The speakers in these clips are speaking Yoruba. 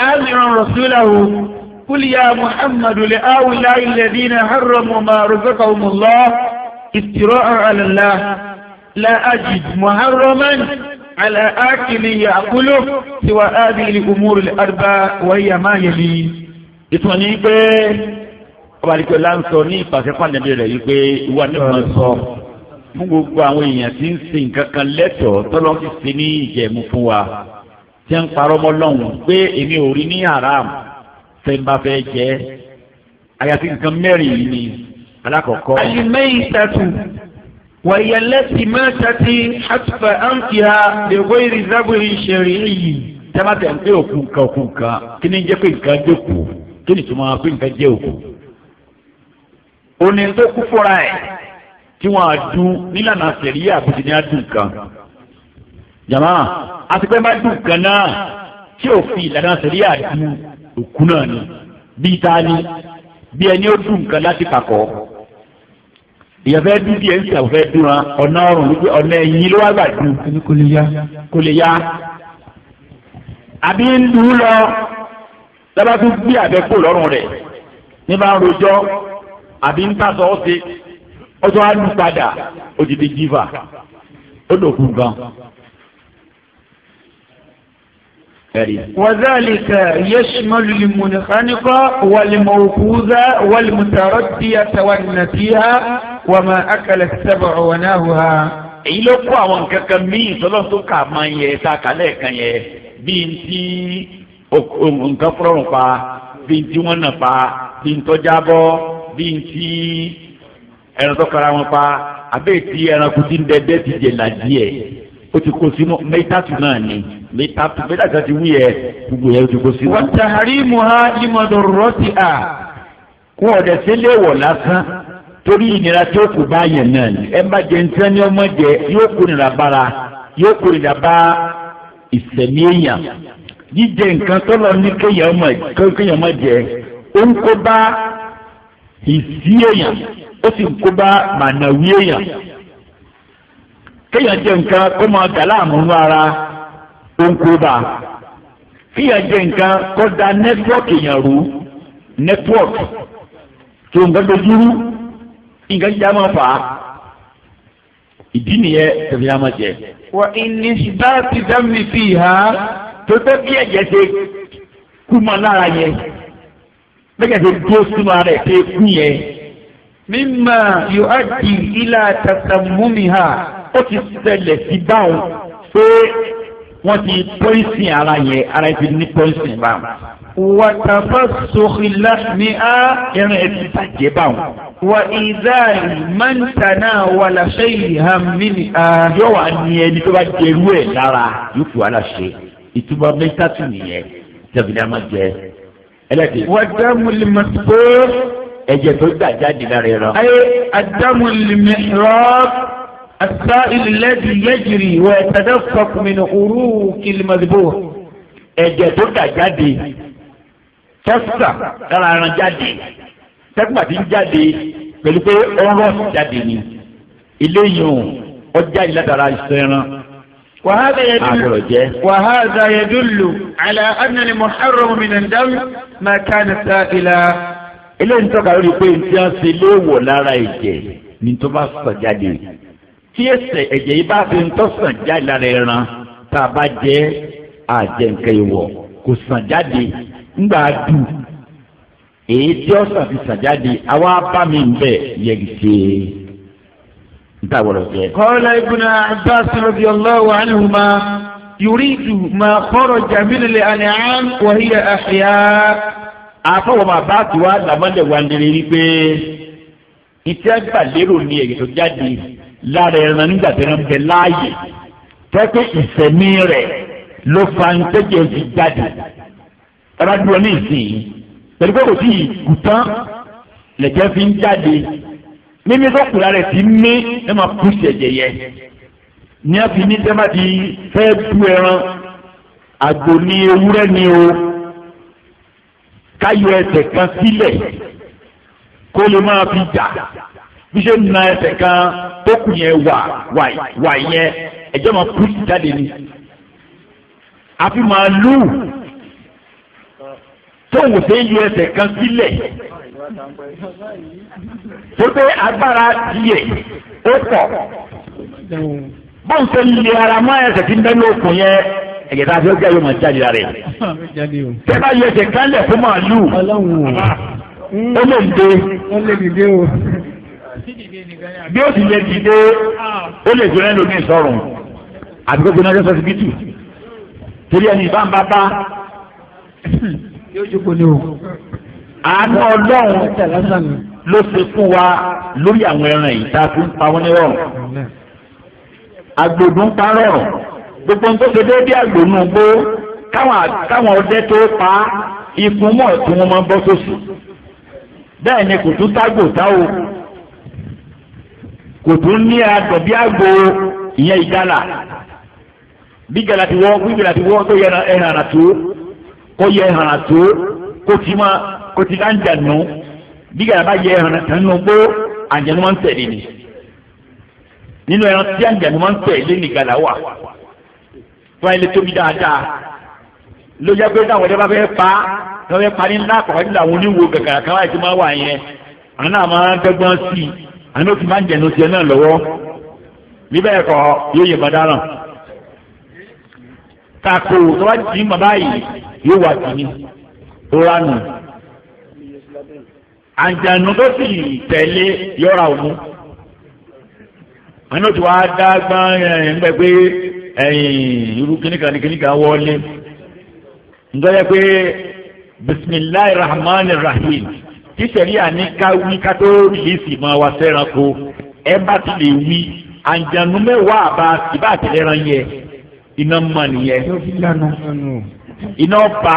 آمرا رسوله قل يا محمد لهؤلاء الذين حرموا ما رزقهم الله افتراء على الله لا أجد محرما على آكل يأكله سوى هذه الأمور الأربع وهي ما يلي ìtọ́ni pé ọba àdìgbò láǹsọ ní ìpàṣẹpà nàbí rẹ̀ yìí pé ìwà ní ìmọ̀ sọ fún gbogbo àwọn èèyàn tí ń sin nǹkan kan lẹ́tọ̀ọ́ tọ́lọ́ ti sin ní ìjẹ̀mú fún wa tẹ́ ń parọ́ mọ́ lọ́hùn pé èmi ò rí ní haram tẹ́ ń bá fẹ́ jẹ́ àyàfi nǹkan mẹ́rin yìí ni alákọ̀ọ́kọ́. àyùmẹ́yì tàtù wàyà lẹ́sìn mẹ́tàtì àtùfà àǹkìá lèwé ìrìsàbùrì ìṣẹ̀rí yìí. tẹ́lá tẹ̀ ń pé òkú nǹkan òkú nǹkan kí ni jẹ́ pé nǹkan jókòó kí ni túmọ̀ pé nǹkan jẹ́ òkú. òní tó kú fúnra ẹ̀ tí wọ́n á dún nílànà sẹ̀ríyà àbùdí ni á dùn kan jama àtipẹ́ bá dùn kan náà tí ò fi ìlànà sẹ́ríà du òkú náà ni bíi ta ni bí ẹni ó dùn kan láti kàkọ́ èèyàn fẹ́ dún díẹ̀ ń sàwọn fẹ́ dún wa ọ̀nà ọ̀rùn wípé ọ̀nà ẹ̀yìn ló wá gbà dùn kò lè ya kò lè ya àbí ń dùn lọ lọ́ba tún gbé àbẹ́kò lọ́rùn rẹ̀ ní rojọ́ àbí ń tàṣọ ọ̀sẹ̀ ọjọ́ á òdìdí jìfà ó lòkùn gan وذلك يشمل المنخنقة والموقوذة والمتردية والنتيهة وما أكل السبع وناهها èyí ló kó àwọn nǹkan kan míì tọ́lọ́n tó kà máa ń yẹ ta kálẹ̀ kan yẹ bíi ti nǹkan fúrọ̀rùn pa bíi ti wọ́n nà pa bíi tọ́já bọ́ bíi ti ẹran tó kara wọn pa àbẹ́ẹ̀ ti ẹranko ti ń dẹ́dẹ́ ti jẹ̀ ládìí ẹ̀. O ti kó sínú mẹ́tàtù náà ni mẹ́tàtù mẹ́tàtù ti wí yẹ gbogbo yẹn ó ti kó sínú. wọ́n tàhárí muhammed mọ̀dọ̀rọ́tì à kó ọ̀dẹ̀ sílẹ̀ wọ̀ lásán torí ìnira tí ó kù bá yẹn náà ni ẹ má jẹ nítorí ní ọmọ jẹ yóò kó nira bára yóò kó nira bá ìsẹ̀mí èèyàn jíjẹ nǹkan tọ́lọ̀ ní kéèyàn má jẹ ó ń kó bá ìsí èèyàn ó sì ń kó bá mànàwí èèyàn kéèyàn jẹ nǹkan kó máa dà láàmú nú ara òǹkóbà kéèyàn jẹ nǹkan kó da nẹ́tíwọ́ọ̀kì yẹn rú nẹ́tíwọ́ọ̀kì tó nǹkan dojúrú nǹkan jíjà máa fà á ìdí nìyẹn tẹ̀lé a máa jẹ. wà ìní bá ti dá fi hà á tó tẹ́ bí ẹ̀jẹ̀ ṣe kú mọ́ lára yẹn bẹ́ẹ̀ ṣe dúró sínú ara ṣe kú yẹn. mímà yóò á di ilà tàtàmúmi hà ó ti ṣẹlẹ̀ sí báwọn pé wọ́n ti pọ́ìsìn ara yẹn ara yẹn ti ní pọ́ìsìn báwọn. wàtàfà sòkìlá ni a ẹran ẹ ti bàjẹ́ báwọn. wà ìdá mọ́ntànà wà láṣẹ ìhàmì ni a. yóò wá ní ẹni tó bá jẹrú ẹ lára yóò fi wá láṣẹ ìtumọ̀ mẹ́tàtù nìyẹn tẹ̀bí náà má jẹ ẹlẹ́dẹ̀. wàdàmù lè mọ̀ pé. ẹ̀jẹ̀ tó gbà jáde lára ẹ̀ ayé àdàmù lè mẹ́rọ. السائل الذي يجري ويتدفق من عروق المذبوح ẹ̀jẹ̀ tó dà jáde tẹsà lára ẹran jáde tẹgbà tí ń jáde pẹ̀lú pé ọ̀rọ̀ jáde ni eléyìí ó jáde látara ìṣẹran. وهذا يدل وهذا يدل على أن المحرم من الدم ما كان سائلا. eléyìí ń tọ́ka lórí pé ntí a ṣe léèwọ̀ lára ẹ̀jẹ̀ ni tó bá sọ jáde. tí ẹsẹ̀ ẹ̀jẹ̀ yìí bá fi ń tọ́sàn jáde lára ẹran tá a bá jẹ́ àjẹ nǹkan ìwọ̀ kò sàn jáde ńgbà dù èyí tí ọ̀sán fi sàn jáde àwa bá mi ń bẹ̀ yẹgi ṣe níta wọ̀rọ̀ jẹ. qala ibn Abbas radiyallahu anhuma yuridu ma kharaja min wa hiya ahya. àfọwọ́ máa bá tiwa làmọ́lẹ̀ wa ń lérí pé ìtẹ́gbà lérò ni tó jáde. lára ẹran nígbà tí wọ́n bẹ láàyè tẹ́pẹ́ ìsẹ̀mí rẹ̀ ló fa ń tẹ́jẹ̀ fi jáde ẹ̀rọ dúró ní ìsìn yìí pẹ̀lú pé kò sí ìkù tán lẹ̀jẹ̀ fi ń jáde mímí tó kù lára ẹ̀ ti mí ẹ̀ máa kú ìṣẹ̀jẹ̀ yẹ ní a fi ní tẹ́lá ti fẹ́ du ẹran àgbò ní ewúrẹ́ ni o káyọ̀ ẹsẹ̀ kan sílẹ̀ kó lè máa fi jà bí ṣe ń na ẹsẹ̀ kan tó kù yẹn wà wà yẹn ẹ̀jẹ̀ máa kú jáde ni àfi máa lù tóun ṣe ń yọ ẹsẹ̀ kan sílẹ̀ tó pé agbára tiẹ̀ ó pọ̀ bóun ṣe ń lè ara mọ́ ẹsẹ̀ tí ń bẹ́ ní okùn yẹn ẹ̀jẹ̀ tá a fi ó jẹ́ yóò máa jáde lára ẹ̀ tẹ́ bá yọ ẹsẹ̀ kan lẹ̀ fún màálù ó lè dé bí ó sì lè dìde ó lè gbé ẹlòmíì sọ̀rọ̀ àbí gbogbo náà lọ́sọ̀ọ́sì bìtù torí ẹni ìbá ń bá bá yóò jókòó ní o. àánú ọlọ́run ló ṣe fún wa lórí àwọn ẹran yìí tá a fi ń pa wọ́n ní rọrùn. àgbòdù ń pa rọrùn gbogbo ń tó ṣe déédéé àgbòdù ń gbó káwọn ọdẹ tó pa ikùn mọ̀ tí wọ́n máa ń bọ́ sósì. bẹ́ẹ̀ ni kò tún tágbò tá o kò tún ní àgbẹ̀ bí àgbo ìyẹn ìjálà bí gàlà ti wọ́ bí gàlà ti wọ́ tó yẹ ẹ̀hànà tó kó yẹ ẹ̀hànà tó kó ti máa kó ti dáń jànú bí gàlà bá yẹ ẹ̀hànà tó nínú gbó àjẹnú máa ń tẹ̀lé ni nínú ẹran tí àjẹnú máa ń tẹ̀lé ni gàlà wà fún ẹni tóbi dáadáa ló jẹ́ pé táwọn ẹ̀dá bá fẹ́ pa wọ́n fẹ́ pa ní ńlá àkọ́kọ́ nílò àwọn oníwo gàgàrà kan ti máa wà yẹn àwọn àní ó ti máa ń jẹ̀nu tiẹ̀ náà lọ́wọ́ bíbẹ́ ẹ̀kọ́ yóò yẹ bàdá ràn kakò tó bá ti mọ̀ báyìí yóò wà tìmí ó ránu àǹjànù tó sì tẹ̀lé yọ̀ra òun àní ó ti wá dá gbọ́n ẹ̀ gbẹ pé ẹ̀yìn irú kìnnìkan ní kìnnìkan wọlé ń tọ́jà pé bisimilayi rahman rahim tí sẹ̀ríà ní ká wí ká tó rìlíìsì mọ́ wa sẹ́ranko ẹ bá ti lè wí àǹjànú mẹ́wàá àbá ìbá àtẹ̀lẹ́ran yẹ iná mọ̀ nìyẹn iná ba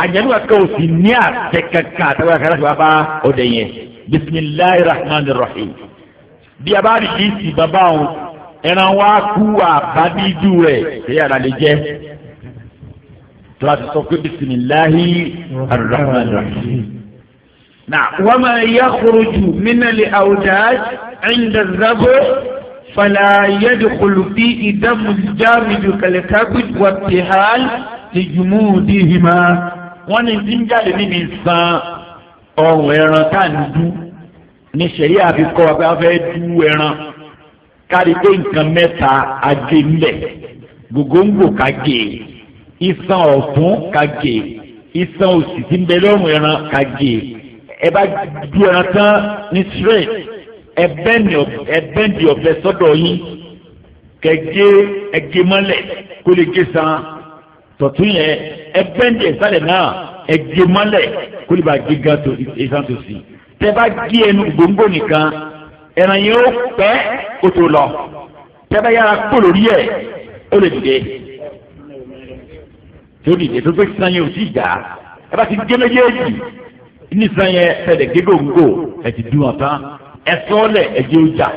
àǹjànú kankan ò sì ní àtẹ kankan àtàwọn akẹ́rẹ́ tí wàá bá ọdẹ yẹn bisimilayi rahman rahim bí a bá rìlíìsì bàbá òun ẹran wa kú àbádíjú rẹ̀ sẹ́yà lè jẹ́ tó a sọ pé bisimilahi rahman rahim. نعم وما يخرج من الأوداج عند الذبح فلا يدخل فيه دم الجامد كالكبد والطحال لجمودهما wọ́n ní tí ń jáde níbi ìsan ọrùn ẹran tá à ń dú ní sẹ̀rí àfikọ́ ọba fẹ́ dú ẹran kárí pé nǹkan mẹ́ta agé ńlẹ̀ gògóńgò kagé ìsan ọ̀tún kagé ìsan òsì tí ń bẹ lọ́rùn ẹran kagé ẹ bá di ẹran tán ní straight ẹ bẹ́ndì ọ̀bẹ sọ́dọ̀ yín kẹ gé ẹgé mọ́lẹ̀ kó lè gé san tọ̀tún yẹn ẹ bẹ́ndì ẹ̀sálẹ̀ náà ẹgé mọ́lẹ̀ kó lè bá gé gan tó ìsan tó sí tẹ bá gé ẹnu gbòǹgbò nìkan ẹran yẹn ó pẹ́ kó tó lọ tẹ bá yára kó lórí ẹ̀ ó lè dìde tó dìde tó tó sanyo sí ìjà ẹ bá ti gé méjèèjì nísàn yẹn fẹ̀dẹ̀ gégóńgò ẹ̀ ti dùn ọ̀tán ẹ̀ sọ́ọ̀lẹ̀ ẹ̀ jẹ́ ọjà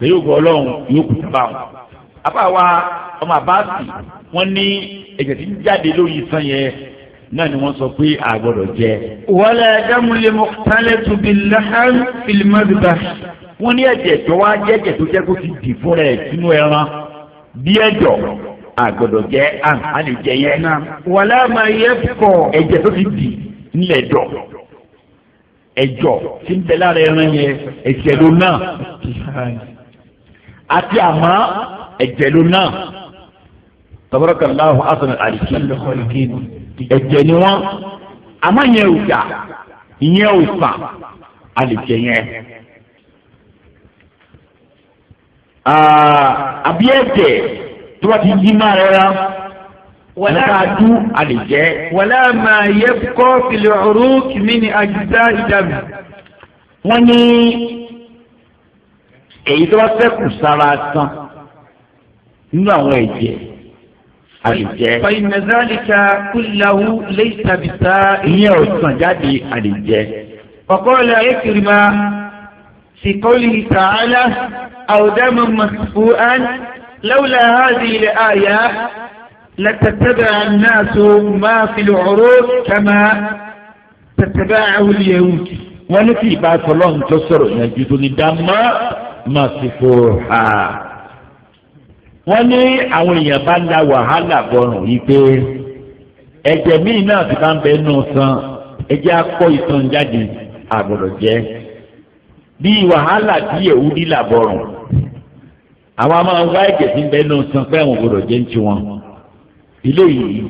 lẹ́yìn ògùn yóò kù sábà wọn. àbá wa ọmọ àbáàsì wọn ní ẹ̀jẹ̀ tí ń jáde lórí ìsàn yẹn náà ni wọ́n sọ pé a gbọ́dọ̀ jẹ. wala dámúlẹ̀ mukhtalatu bil-lahm fil-madbah. wọ́n ní ẹ̀jẹ̀ tó wá jẹ́ ẹ̀jẹ̀ tó jẹ́ kó ti dì fún rẹ̀ sínú ẹran bí ẹ̀jọ̀ a gbọ́dọ̀ jẹ à á lè jẹ yẹ kọ ẹ̀jẹ̀ tó ti dì ńlẹ̀ jọ ẹjọ tí ń bẹ lára ẹran yẹn ẹ̀jẹ̀ ló náà àti àmọ́ ẹ̀jẹ̀ ló náà tabarakallahu asan aliki ẹ̀jẹ̀ ni wọ́n àmọ́ yẹn ò dà ìyẹn ò fà àlejò yẹn. àbí ẹ̀jẹ̀ tó bá ti yí máa rẹ̀ rán wàlá adu àlejẹ. wàlá máa yẹ kọ́ fìlẹ̀ ọ̀rọ̀ kìíní ni àjùdá ìdàmì. wọ́n ní èyí tó bá fẹ́kù sára san nínú àwọn ẹ̀jẹ̀ àlejẹ. fàyínà zálìkà kúláwú lẹ́yìn tàbí tá. ìyẹn ò sàn jáde àlejẹ. ọ̀kọ́lá ẹ̀kìrìmà fi qawlihi ta'ala aw daman masfu'an lawla hadhihi al-aya. لتتبع الناس ما في العروض كما تتبعه اليهود ونفي ní kí ìbá tọ́lọ́run tó ما في tó وني dámọ́ máa ti fò ha. wọ́n ní àwọn èèyàn bá ń la wàhálà bọ̀rùn yìí pé ẹ̀jẹ̀ míì náà ti bá ń bẹ nù san ẹ̀jẹ̀ akọ́ ìtàn jáde àbọ̀rọ̀ jẹ́ bí wàhálà tí Yẹhudi là àwọn máa ń wá ẹ̀jẹ̀ tí ń bẹ nù san pé àwọn òbòrò jẹ́ ń ti ilé yìí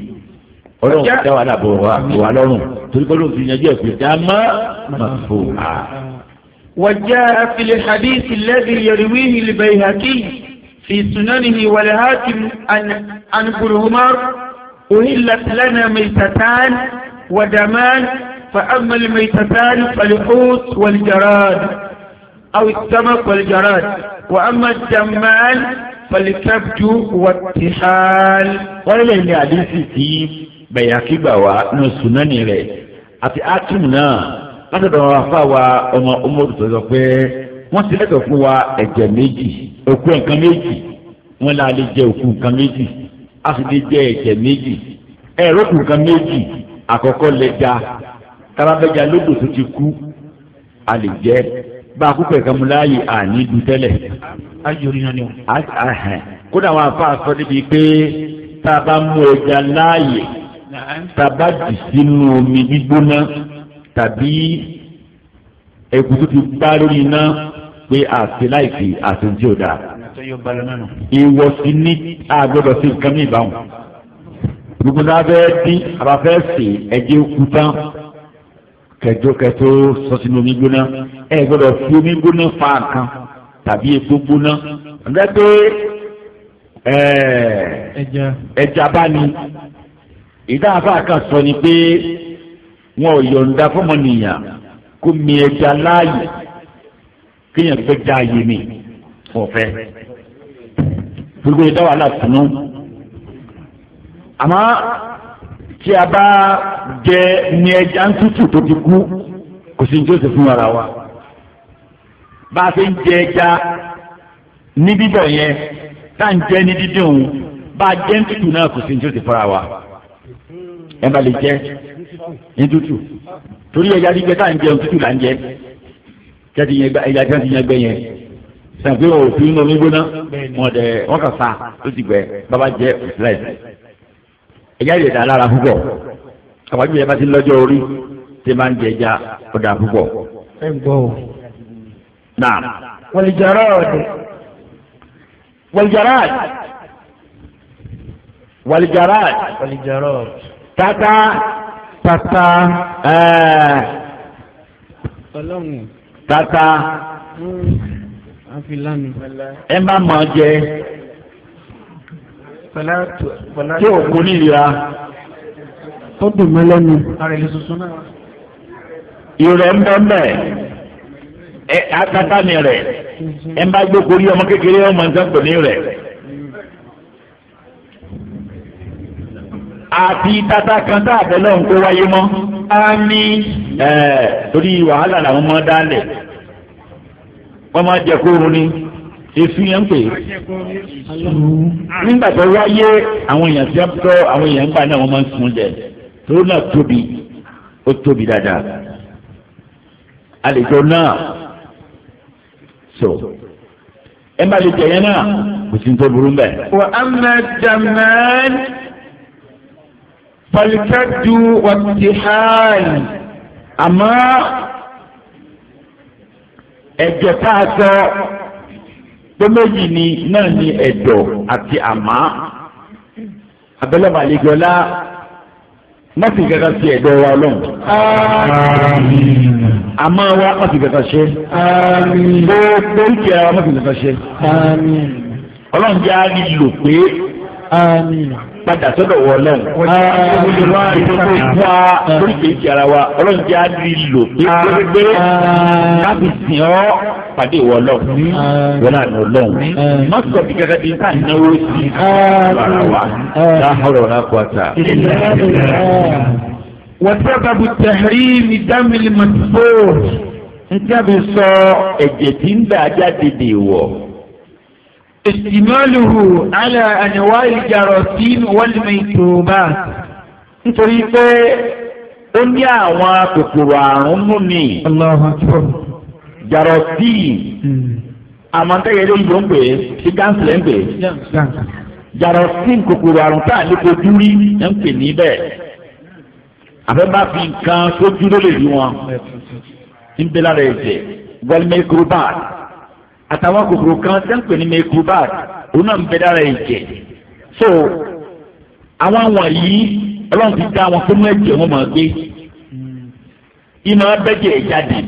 ọlọ́run tẹ́ wa lábọ̀ wa wà lọ́rùn torí pé olóòtú yanjú ẹ̀ pé dáná máa fò á. وجاء في الحديث الذي يرويه البيهقي في سننه والهاتم عن عن برهمار أهلت لنا ميتتان ودمان فأما الميتتان فالحوت والجراد أو السمك والجراد وأما الدمان falikabdu watihal wọ́n lè ní àdínsì tí bẹ̀yàkí gbà wá ní sunani rẹ̀ àti akim náà látọ̀dọ̀ wọn afa wa ọmọ ọmọdé tó sọ pé wọ́n ti lẹ́tọ̀ fún wa ẹ̀jẹ̀ méjì òkú nǹkan méjì wọ́n lè alẹ́ jẹ òkú nǹkan méjì a sì lè jẹ ẹ̀jẹ̀ méjì ẹ̀rọ kù nǹkan méjì àkọ́kọ́ lẹ́ja tábàbẹ́jà lódò tó ti kú a lè jẹ bá a kúkọ̀ ẹ̀ka mu láàyè àní dùn tẹ́lẹ̀. ayọ̀rì náà ni o. kódà àwọn afa sọ níbi pé tá a bá mú ẹja láàyè tá a bá jù sínú omi gbígbóná tàbí ẹkú tó ti gbá lórí iná pé àti láìpè àti ojú ò dáa. ìwọ̀sí ní àgbọ̀dọ̀ sí nǹkan ní ìbáwọn. gbogbo náà fẹ́ dín àbáfẹ́ sè ẹjẹ́ kú tán kẹjọ kẹtọ sọsínú omi gbóná ẹ gbọ́dọ̀ fi omi gbóná fa nǹkan tàbí epo gbóná ọ̀dà pé ẹja bá ní ìdáhàfà kan sọ ni pé wọn ò yọ̀ǹda fọmọnìyàn kó mi ẹja láàyè kéèyàn fẹ́ já ayé mi ọ̀fẹ́ gbogbo ìdáwàlà tunu àmọ́ tí a bá jẹ ní ẹja ń tútù tó ti kú kò sí ní tí ó sì fún ara wa bá a ṣe ń jẹ ẹja ní bíbọ̀ yẹn tá à ń jẹ ní dídùn òun bá a jẹ ń tútù náà kò sí ní tí ó sì fún ara wa ẹ bá lè jẹ ní tútù torí ẹja gbígbẹ tá à ń jẹun tútù là ń jẹ jáde yẹn gba ẹja jáde yẹn gbẹ yẹn sàgbé òfin omi gbóná wọn dẹ wọn kà sa ó ti gbẹ bàbá jẹ láìsí ẹja yìí dà lára púpọ̀ àwọn ìgbìyànjú bá ti lọ́jọ́ orí tí máa ń jẹ ẹja ọ̀dà púpọ̀. ẹ gbọ́ o. nà. wọ̀lìjọ́rọ̀ ọ̀dẹ. wọ̀lìjọ́rọ̀ ọ̀dẹ. wọ̀lìjọ́rọ̀ ọ̀dẹ. wọ̀lìjọ́rọ̀ ọ̀dẹ. tata. tata. ẹẹ. ọlọ́run. tata. ẹ má mọ̀ jẹ tí ò kó nílira. ó dùn mí lẹ́nu. ìrẹ̀ ń bẹ́ mẹ́ ẹ akátá ni rẹ̀ ẹ bá gbé korí ọmọ kékeré ọmọ nǹkan pè ní rẹ̀. àti tata kan tá a bẹ lọ́n kó wáyé mọ́. àmín. ẹ torí wàhálà làwọn ọmọ dálẹ̀ wọ́n máa jẹ kóorun ni èsì yẹn ń pè é nígbà tó wáyé àwọn èèyàn tí wọ́n tọ́ àwọn èèyàn ń gbà náà wọ́n máa ń sun jẹ tòun náà tóbi ó tóbi dáadáa àlejò náà so ẹ má lè jẹ náà kò sí tó burú mbẹ. wà á mẹ jàmẹ́ẹ́n falikadu wà tìhán àmọ́ ẹ̀jẹ̀ tá a sọ pé méjì ni náà ni ẹ̀dọ̀ àti àmá abẹ́lẹ́ màlẹ́jọ́lá má sì kẹta sí ẹ̀dọ̀ wa ọlọ́run. àmọ́ wa má sì kẹta ṣe. gbogbo ìkẹ́ wa má sì kẹta ṣe. ọlọ́run jẹ́ àárín pé padà sọ́dọ̀ wọ ọlọ́run. wá ìfọwọ́ ìfọ́ oríkèéjì ara wa ọlọ́run jẹ́ àdìrí lò pé kábì sìn ọ́ pàdé ìwọ ọlọ́run wọn àná ọlọ́run. má sọ bí gẹ́gẹ́ bí ká náwó sí ara wa láhùrọ̀ náà kọ́ta. وسبب تحريم دم المدفوع. انت بصو اجتين بعد دي, دي, دي, دي, دي, دي, دي, دي استماله على أنواع الجراثيم والميكروبات nítorí pé ó ní àwọn kòkòrò àrùn mú mi. jarathim àmọ́tẹ́yẹ ló ń bọ̀ ń pè é sí gánsìlẹ̀ ń pè é. jarathim kòkòrò àrùn tá ní kojú rí ń pè ní àfẹ́bá fi nǹkan sójú ló lè rí wọn. ń bẹ lára ẹ̀jẹ̀ wal microbat àtàwọn kòkòrò kan tẹ́ ń pè ní mekubat òun náà ń bẹ dára ẹ̀jẹ̀ so àwọn àwọn yìí ọlọ́run ti dá wọn fún ẹ̀jẹ̀ wọn máa gbé ìmọ̀ abẹ́jẹ̀ jáde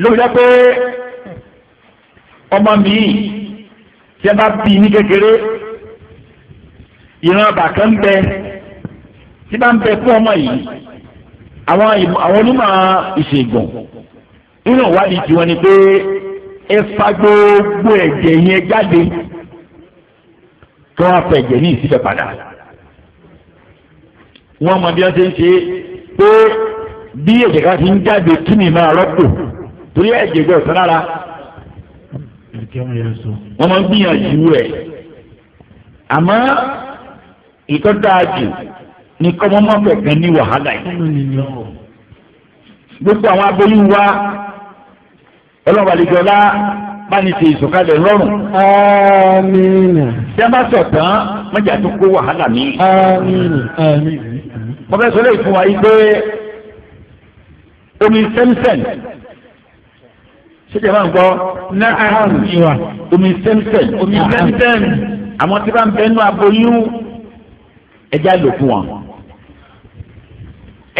lórí dẹ́ pé ọmọ mi tí a bá bí ní kékeré ìran bàkà ń bẹ tí bá ń bẹ fún ọmọ yìí àwọn onímọ̀ ìṣègùn nínú ìwádìí tiwọn ni pé ẹ fa gbogbo ẹ̀jẹ̀ yẹn jáde kí wọ́n fa ẹ̀jẹ̀ ní ìsílẹ̀ padà wọ́n mọ bí wọ́n ṣe ń ṣe pé bí ẹ̀jẹ̀ ká ti ń jáde kí ni máa rọ́pò torí ẹ̀jẹ̀ gbọ́ ọ̀sán lára wọ́n máa ń gbìyànjú ẹ̀ àmọ́ ìtọ́jú ni kọ́mọ́mọ́ fẹ̀ gan ní wàhálà yìí gbogbo àwọn aboyún wa ọlọ́run àlejò ọlá bá ní ti ìsọ̀kalẹ̀ lọ́rùn. àmín. tí a bá sọ tán mọ́jà tó kó wàhálà mi. àmín. àmín. mo fẹ́ sọ léyìí fún wa yìí pé omi sẹ́msẹ́m ṣéjà máa ń gbọ́ náà omi sẹ́msẹ́m omi sẹ́msẹ́m àwọn tí bá ń bẹnu aboyún ẹja lò fún wọn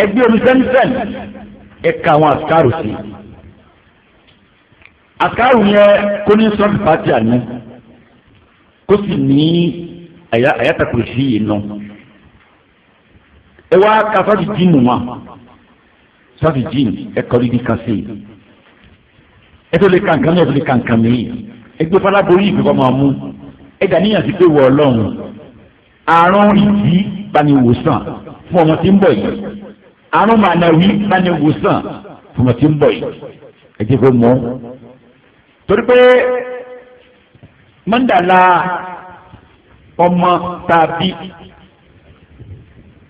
ẹgbẹ́ omi sẹ́msẹ́m ẹ̀ka àwọn àṣkárò sí i àkàrù yẹn kó ní sọ́ọ̀tì pàtì àná kó sì ní àyàtàkùrù sí yìí nù ẹ wá ka sọ́ọ̀tì jíìnì wa sọ́ọ̀tì jíìnì ẹ kọ́ níbi kan sí i ẹ tó lè ka nǹkan mi ẹ tó lè ka nǹkan mi ẹ gbé fọláborí ìgbìkọ́ máa mú ẹ dàníyàn sí pé wọ ọlọ́run àrùn ìdí bani wòsàn fún ọmọ tí ń bọ̀ yìí àrùn mànàwí bani wòsàn fún ọmọ tí ń bọ̀ yìí ẹ jẹ́ kó mọ́ torí pé mọ́ndàlá ọmọ tàbí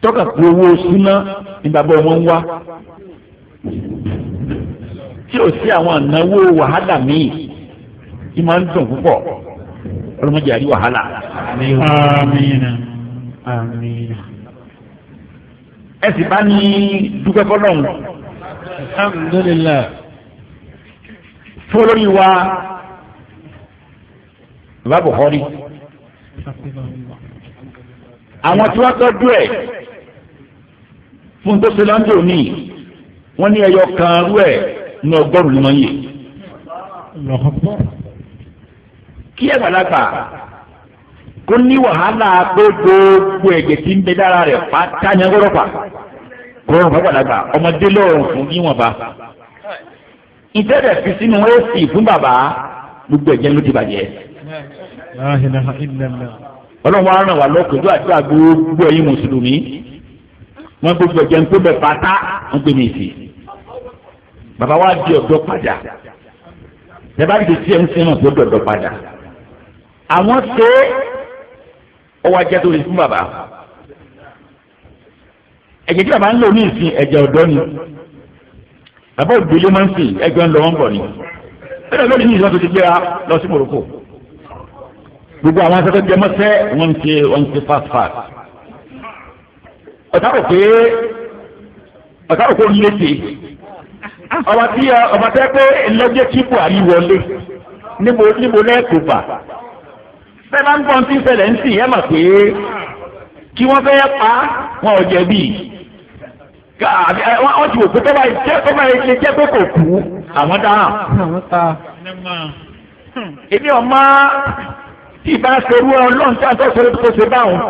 tọ́ka pé owó súná ní bàbá ọmọ ń wá tí ò sí àwọn ìnáwó wàhálà míì tí máa ń dùn púpọ̀ ọlọ́mọdé àrí wàhálà. ẹ sì bá ní dúpẹ́ fọlọ́run. alhamdulilayi fún olórí wa bàbá buhari àwọn tí wọ́n tọ́jú ẹ̀ fún tó ṣe lọ́ńdọ̀ ní wọ́n ní ẹyọ kan rú ẹ̀ ní ọgọ́rùn-ún ni wọ́n yè kí ẹ̀ gbàlagbà kó ní wàhálà pé gbogbo ẹ̀jẹ̀ tí ń bẹ lára rẹ̀ pátá ni ọgọ́rọ̀ pa kó rọrùn fún gbàlagbà ọmọdé lọ́rùn fún yíwọ̀nba ìtẹ́tẹ̀ fi sínú èsì fún bàbá gbogbo ẹ̀jẹ̀ ló ti bàjẹ́. ọlọ́run wa ràn wá lọ́kọ̀ọ́jú àdúrà gbogbo ẹ̀yin mùsùlùmí wọ́n gbogbo ẹ̀jẹ̀ ń pè bẹ́ẹ̀ pátá ń pè mí sí. bàbá wa di ọ̀dọ́ padà tẹ́bá ti tiẹ̀ ń sinmi tó dọ̀dọ̀ padà. àwọn ṣe ọwọ́ ajẹ́ tó lè fún bàbá. ẹ̀jẹ̀ tí bàbá ń lò ní ìsìn ẹ̀jẹ̀ ọ̀dọ́ ni bàbá ògbélé máa ń sè ẹgbẹ́ ń lọ wọ́n bọ̀ ni bẹ́ẹ̀ lórí yìí ìjọba ti gbéra lọ sí Morocco gbogbo àwọn afẹ́fẹ́ jẹmọ́sẹ́ wọ́n ń ṣe wọ́n ń ṣe fast fast ọ̀tá rò pé ọ̀tá rò pé ọba tí ọba tẹ́ pé lọ́jọ́ tí Buhari wọlé níbo níbo lẹ́ẹ̀kọ́ bà bẹ́ẹ̀ bá ń gbọ́n tí ń ṣẹlẹ̀ ń sìn ẹ̀ mà pé kí wọ́n fẹ́ pa wọn ò jẹ̀bi wọ́n ti wò pé tọ́ba ìjẹ́ tọ́ba ìjẹ́ jẹ́ pé kò kú àwọn dáhà. èmi ọmọ tí ìbá ṣerú ọlọ́run tí a tọ́ ṣeré tó ṣe báwọn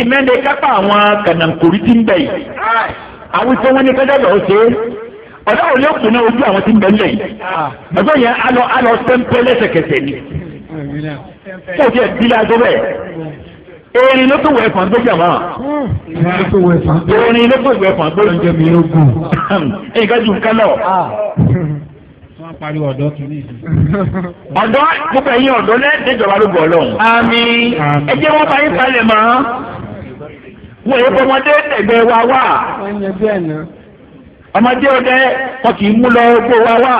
ìmẹ́lẹ̀ kápá àwọn kànáńkòrí ti ń bẹ̀ yìí. àwọn tí wọ́n ní kẹ́jọ́ lọ́ọ́ ṣe ọ̀dà òní òkú náà ojú àwọn tí ń bẹ̀ ń lẹ̀ yìí. Ah. ọ̀dọ́ yẹn alọ alọ sẹ́ńpẹ́ lẹ́sẹ̀kẹsẹ̀ ni. kó tiẹ̀ bí lásán bẹ́ẹ̀ orin ló tó wẹ̀ fún agbé jàmá. orin ló tó wẹ̀ fún agbé. ọjọ́ mi ló gùn. ẹ̀yin ká ju nǹkan lọ. wọ́n pariwo ọ̀dọ́ kìíní. ọ̀dọ́ gbogbo ẹ̀yin ọ̀dọ́ lẹ́ẹ̀dẹ́jọba ló bọ̀ lọ́hùn. àmín. ẹ jẹ́ wọ́n bá yín palẹ̀ mọ́. wọ́n yẹ fọmọdé ẹgbẹ́ wa wà. ọmọdé ọdẹ wọn kì í mú lọ gbó wa wà.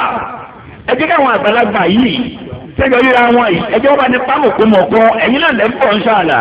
ẹ jẹ́ káwọn àgbàlagbà yìí sẹ́jọ́ yíra wọn yìí ẹ jẹ́ wọ́n bá ní pámò kó mọ̀ kọ́ ẹ̀yin náà lẹ́ ń bọ̀ ń ṣàlà.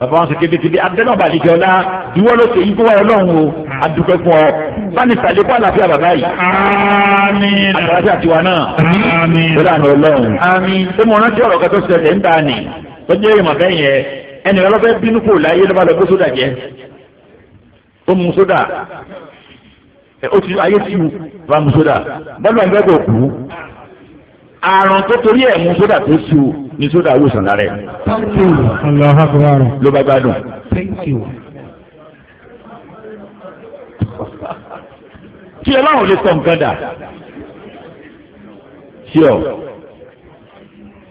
bàbá wọn sọ kébékébé abẹ́lẹ́ ọba àdìjọ ọlá ìwọ ló ṣe ìgbówó ọlọ́run o adúpẹ́ fún ọ báni sàlékún àlàáfíà bàbá yìí. àmín àlàáfíà tiwa náà. àmín lọ́dà ní ọlọ́run. àmín ó mọ rántí ọ̀rọ̀ kan tó ṣẹlẹ̀ ń dà ní tọ́jú èrè yẹn ẹnì ọlọ́fẹ́ bínú kò láyé ló bá sódà jẹ ó mu sódà ó ti ayé ti wù bá mu sódà bọ́dọ̀ ń gbẹ́gbẹ́ òkú àrùn tó torí ẹ̀ mu sódà tó ṣù ní sódà awòsàn lára ẹ̀. ló bá gbádùn. kí ọlọ́run lè sọ nǹkan dà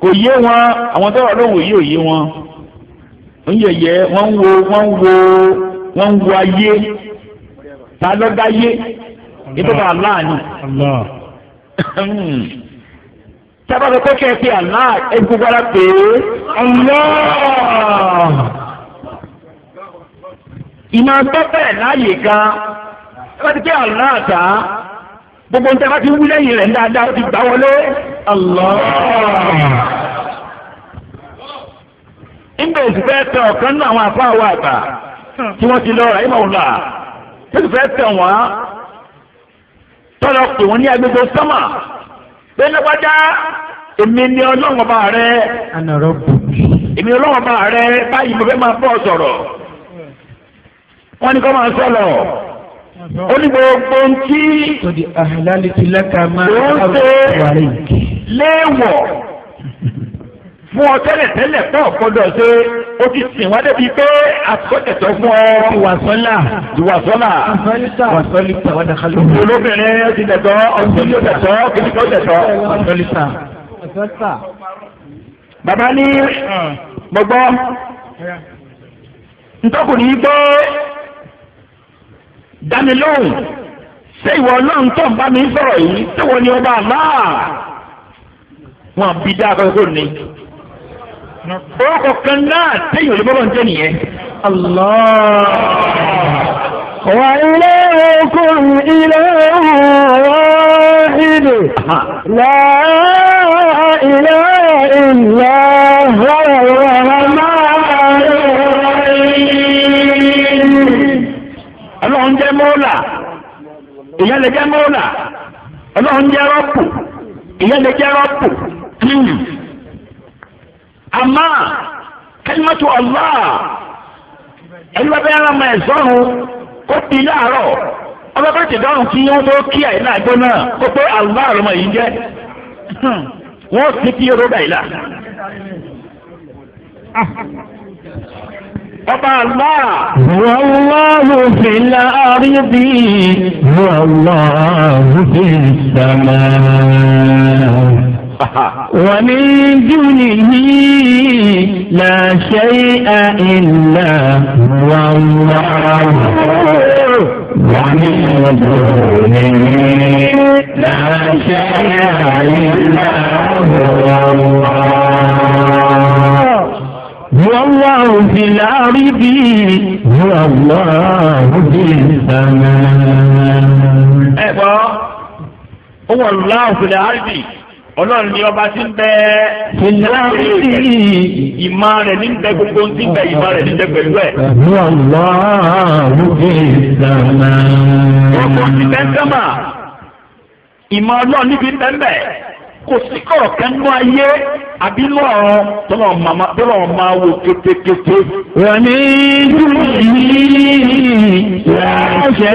kò yé wọn àwọn tọrọ lóhùn yìí yé wọn ń yẹyẹ wọn ń wo wọn ń wo wọn ń wo ayé ta ló dá yé ibùdó aláàánú tábà sọ pé kẹ́hìn sí àná ẹbí gbogbo ara pé ọ̀nà. ìmọ̀ tọ́pẹ̀ láàyè kan wọ́n ti pé àná àtà gbogbo nǹkan bá ti wú lẹ́yìn rẹ̀ dáadáa ó ti gbà wọlé. nígbà èsì fẹ́ tẹ ọ̀kan nínú àwọn afọ àwọn àgbà tí wọ́n ti lọ rà ìmọ̀ òun là tó sì fẹ́ tẹ̀ wọ́n tọ́lọ̀ pé wọ́n ní agbègbè sọ́mà. gbẹ́lẹ́gbájá èmi ni ọlọ́run ọba rẹ èmi ọlọ́run ọba rẹ báyìí mo fẹ́ máa bọ́ sọ̀rọ̀ wọ́n ní kọ́ máa sọ̀rọ̀ ó ní gbogbo ń tí ṣe fún ọ tẹ́lẹ̀tẹ́lẹ̀ fún ọ̀kọ́dọ̀ ṣe ó ti sìn wá débi pé àtúkọ̀tẹ̀tọ̀ fún ọ. wàsọ́là wàsọ́là wàsọ́lìtà wàdàkàlù. olóbìnrin ó ti tẹ̀tọ́ ọ̀sọ́lì ó tẹ̀tọ́ kìnìkan ó tẹ̀tọ́. wàsọ́lìtà. bàbá ní mo gbọ́ ntọ́kùnrin gbọ́ dánilóhùn ṣé ìwọ náà ń tọ́ ń bá mi sọ̀rọ̀ yìí ṣé wọ́n ni ọba àmà wọn bí dáa kọ́kọ́ ni orúkọ kan náà téèyàn lè bọ́bọ̀ ń jẹ́ nìyẹn. wà ilé okùn ilé ìdè láà ilé ìlà rárá máa ọlọ́run jẹ́ mọ́ọ́là ìyẹn lè jẹ́ mọ́ọ́là ọlọ́run jẹ́ rọ́pù ìyẹn lè jẹ́ rọ́pù. amma kalimatu allah ẹni bá bẹ́ẹ̀ ara ọmọ láàárọ̀ ọba bá ti dọ́rùn kí wọ́n tó kí àyè náà gbọ́ náà kó pé allah ọmọ yìí jẹ́ wọ́n ti kí yorùbá yìí Ọba Allah. Wàlláhu fil ardi. Wàlláhu fis samaa. ومن دونه لا شيء إلا هو الله ومن دونه لا شيء إلا هو الله هو الله في الأرض هو الله في السماء هو الله في الأرض ọlọ́run ni ọba ti ń bẹ ìmọ̀ rẹ̀ ní bẹ gbogbo ń ti bẹ ìmọ̀ rẹ̀ ní bẹ pẹ̀lú ẹ̀. gbogbo ti bẹ sẹ́mà ìmọ̀ ọlọ́run níbi bẹ́ẹ̀ kò sí kọ̀rọ̀ kẹ́nu ayé àbí lọ́rọ̀ tọ́lọ̀ màmá wo kétékété. Rẹ̀mí dùn yìí láṣẹ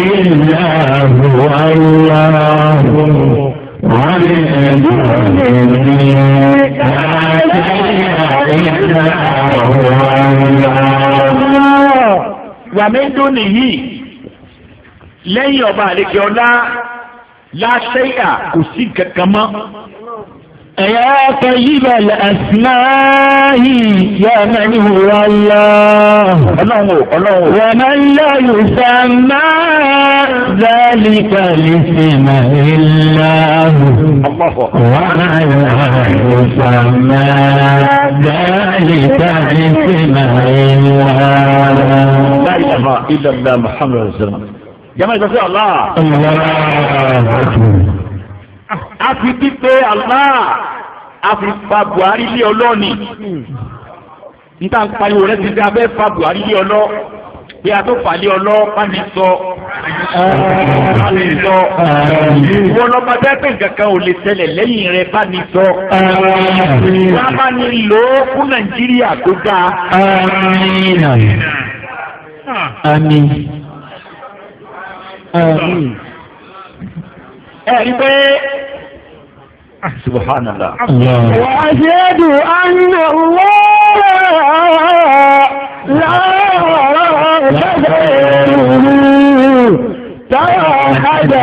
ìlà àwọn arúgbó wàmíńdó nìyí lẹ́yìn ọba àlejò ọlá láṣẹ́yà kò sí kankan mọ́. يا طيب الأسماء يا من هو الله ومن لا يسمى ذلك الاسم إلا الله ومن لا يسمى ذلك الاسم إلا هو إلا الله محمد رسول الله جماعة الله الله أكبر a fi kípe Allah a fi pa Buhari lé ọlọ́ọ̀ni níta ń pariwo rẹ ti di abẹ́ fa Buhari lé ọlọ́ bí a tó falẹ̀ ọlọ́ bámi sọ bámi sọ wọn lọ́ba bẹ́ẹ̀ pé kankan ò lè ṣẹlẹ̀ lẹ́yìn rẹ bámi sọ wọn bá ní lò ó fún Nàìjíríà tó dáa. àmín àmín ẹ̀rí pé subhanallah. ánà wọ́ láàárọ̀ lọ́sẹ̀rù táwọn àjà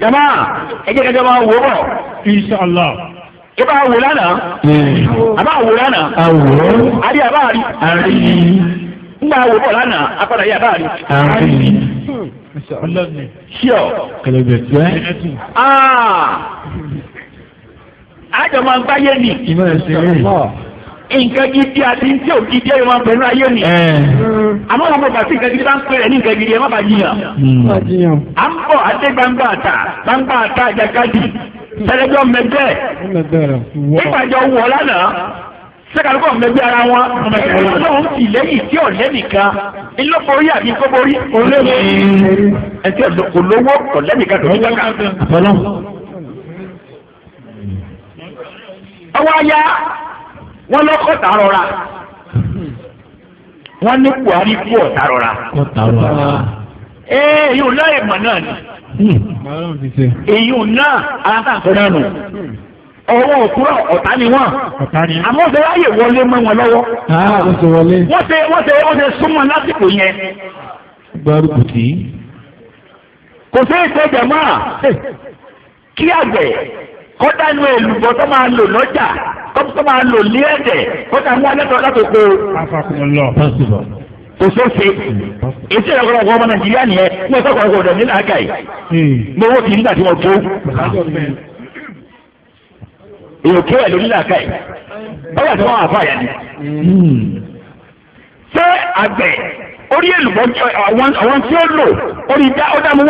jama ẹ jẹ́ kájọ́ máa wò bọ̀. inshallah. ẹ bá wò lánàá. Hmm. a bá wò lánàá. a wò. a rí a bá rí. a rí. n bá wò bọ̀ lánàá a padà yí a bá rí. a rí. Hmm. sure. kẹlẹbẹ tẹ. aa ah. a jọ máa gbáyé ni. ìmọ̀ ẹ̀sìn rẹ̀ nǹkan gidi àti ní tí ò gidi ẹ̀ máa bẹ̀rù ayé ni. àmọ́ wọn bọ̀ bàtí nǹkan gidi bá ń pẹ̀rẹ̀ ní nǹkan gidi ẹ̀ má bàa hmm. jiyàn. à ń bọ̀ adé gbangba àtà gbangba àtà àjàkadì sẹ́lẹ̀jọ́ mẹ́gbẹ́. ìpàjọ wọ̀ lánàá sẹ́kàlùkọ̀ mẹ́gbẹ́ ara wọn. ọlọ́run ti lẹ́yìn tí ò lẹ́nìkan ńlọ́kọ̀ọ́rí àbí kọ́kọ́rí. ẹ̀sẹ̀ kò lówó kò lẹ́nìkan tó ń gbàgbà. ọwọ́ ayá wọ́n lọ́kọ̀tà tarọra. wọ́n ní buhari kú ọ̀tà rọra. ee èyí ò náà ẹ̀mọ̀ náà ni èyí ò náà aláǹfẹ́ náà nù ọwọ́ òkúrọ̀ ọ̀tá ni wọ́n àmọ́ ọ̀sẹ̀ láyè wọn lọ́wọ́ ah, wọ́n ṣe wọ́n ṣe wọ́n ṣe súnmọ́ lásìkò yẹn. gbárùkù tí. kò sí kí àgbẹ̀ kọ́dánù èlùbọ́ tó máa lò lọ́jà kó máa lò ní ẹ̀jẹ̀ kó ta mú alẹ́tọ̀ láti kó. kò sófin èsì ìrọ̀kọ̀rọ̀ ọmọ nàìjíríà nìyẹn mo sọ̀rọ̀ ọ̀rọ̀ ọ̀dọ̀ nílà ágà yìí mo wò kí nígbà tí wọ́n tó. èyàn kí wà lórí làákà yìí ọ̀rọ̀ àti wọn àfa yẹn ni. Hmm. ṣé àgbẹ̀ orí èlùbọ́ àwọn tí ó lò orí dá ó dá mu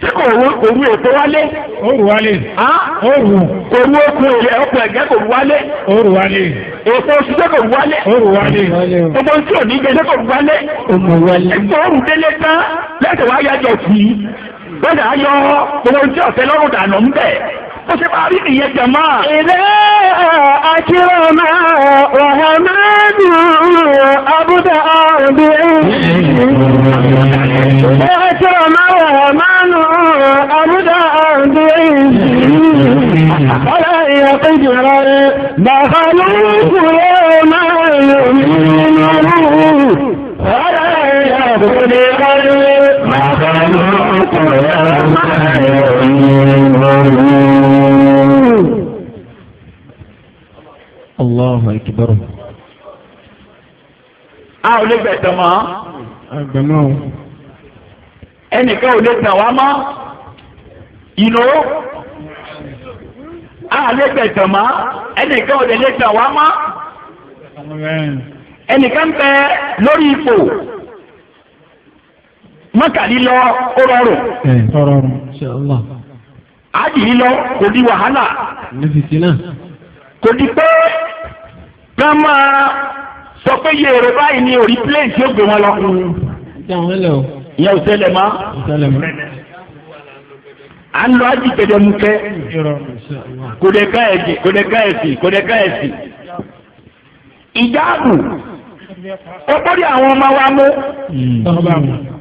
tí kò rú kò rú èso wálé. ó rù wálé. ó rù. kò rú okun ilẹ̀ ọkùn ẹ̀gẹ́ kò rú wálé. ó rù wálé. èso oṣù tẹ́ kò rú wálé. ó rù wálé. ọmọ tí ò ní gbé tẹ́ kò rú wálé. ó rù wálé. ẹ̀sọ́ òrùn délé tán lẹ́sẹ̀ wáyà jẹ̀ sí i bẹ́ẹ̀ á yọ gbogbo tí ọ̀sẹ̀ lọ́rùn dànù ń bẹ̀. ó ṣe máa rí nìyẹn jàmá. máa wàhálà máa ń abúdá ọ̀dùn ilé àkírọ̀ máa abúdá ọ̀dùn ẹ̀yìn. ọ̀la ìyàpẹ́ jùlọ rẹ̀ bàbá lóògùn rẹ̀ máa yọ̀ mí nínú ọ̀la ìyàpẹ́ jùlọ rẹ̀ bàbá lóògùn. Allahu akbar. A ò lè gbẹ̀tàn mọ́. Àgbẹ̀mọ́ o. Ẹnìkan ò lè tàn wá mọ́. Ìnú. A ò lè gbẹ̀tàn mọ́. Ẹnìkan ò lè tàn wá mọ́. Ẹnìkan ń bẹ lórí ipò. mọ́kàlílọ́ ó rọrùn. ó rọrùn inshallah. àjìlílọ́ kò di wàhálà. ní fìtínà. kò di pé ká máa sọ pé iye èrò báyìí ni orí plane tí ó gbé wọn lọ. ìyá ò ṣẹlẹ̀ mọ́. à ń lọ ájì gbẹdẹmukẹ kò dé ká ẹ̀sìn kò dé ká ẹ̀sìn kò dé ká ẹ̀sìn. ìjáàbù ó gbọ́dọ̀ àwọn ọmọ wa mú. Hmm.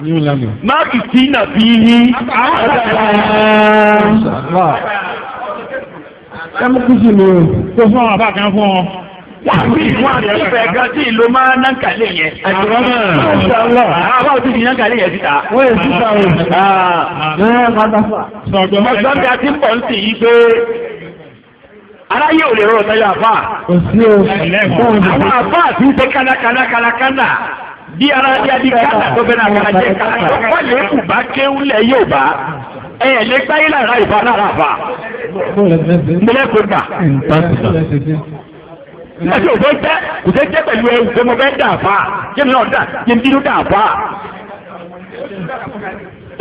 máàkì tí nà fi yí àgbàlá. ẹmu kùsì ni o. kò fún àwọn àbá fún ọ. wà á bí ìwọ àti ìfẹ́ gan tí ìlú máa ń nàkàlẹ yẹn. àjọyọ̀ náà àwọn àwọn tó ti nàkàlẹ yẹn síta. wọ́n yẹ síta o. Ah. ẹ padà fà. sọ̀gbọ́n mi àti pọ̀ ń sì yí pé aráyé ò lè rọrùn táyà àfà. kò sí o. àwọn àfà àti ìfẹ́ bí ara ní adi kátà tó fẹ́ náà máa jẹ kátà wọ́n lè kù bá kéwú lẹ̀ yóò bá ẹ̀yẹ̀ lè gbáyé lára ìbá lára àbá mílẹ̀kùn gbà. ẹ̀sìn òfin jẹ́ kò tẹ́ jẹ́ pẹ̀lú ẹ̀wù pé mo fẹ́ dà fà kí n náà dà kí n bínú dà fà.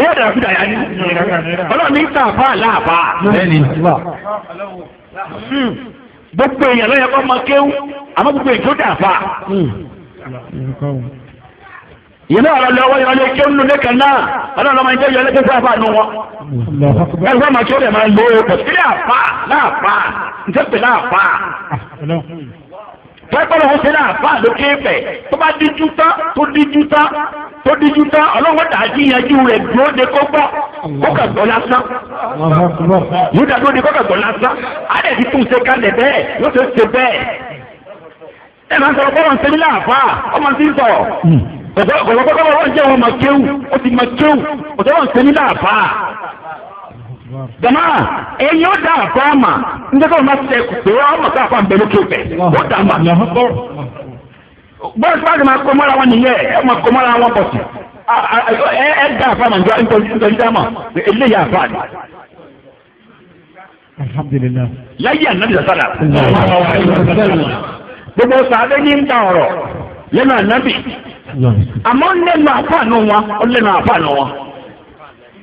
ìyá dàrú fi dàyà ni ọlọ́run ní kà fà láàbà. gbogbo èèyàn lọ́yẹ̀ kọ́ máa kéwú àmọ́ gbogbo èèyàn tó dà fà yìnyín àwọn ọlọ́wọ́ yìí wọ́n lé kí ó nù lẹ́kàn náà ọlọ́run lọ́mọ ìjẹ́ yọ lẹ́kẹ́ sáfà nù wọn. ẹ̀rọ máa kí ó lè máa lo pẹ̀sìlẹ̀ àfà láàfà ǹjẹ́pẹ̀ láàfà. pẹ́pẹ́ lọ́wọ́ sí láàfà lókè fẹ̀ tó bá díjú tán tó díjú tán tó díjú tán ọlọ́wọ́ dàájú yanjú rẹ̀ dúró de kó gbọ́ kókà gbọ́ lásán. yóò dàdúró de kókà gbọ́ lásán á dẹ̀ ti tún ṣe kalẹ̀ bẹ́ẹ̀ yóò ṣe bẹ́ẹ̀ ẹ máa sọ̀rọ̀ fọlọ́n sẹ́mi láàfà ọmọ tí ń sọ̀rọ̀ kọ̀sọ́kọ́ bá wọ́n jẹ́ wọn màkéwù ó ti màkéwù ọ̀sẹ̀ wọn sẹ́ni láàbà. Jama ẹ̀yin ó dá nígbà ma ṣe pé wọ́n mọ̀ ká àpá Bọ́ọ̀sì bá ti máa mọ́ra wọn nìyẹn máa mọ́ra wọn bọ̀sì. Ẹ nítorí ni. Láyé Gbogbo ní ń ta ọ̀rọ̀ lẹ́nu àmọ́ lẹ́nu àfààní wọn ó lẹ́nu àfààní wọn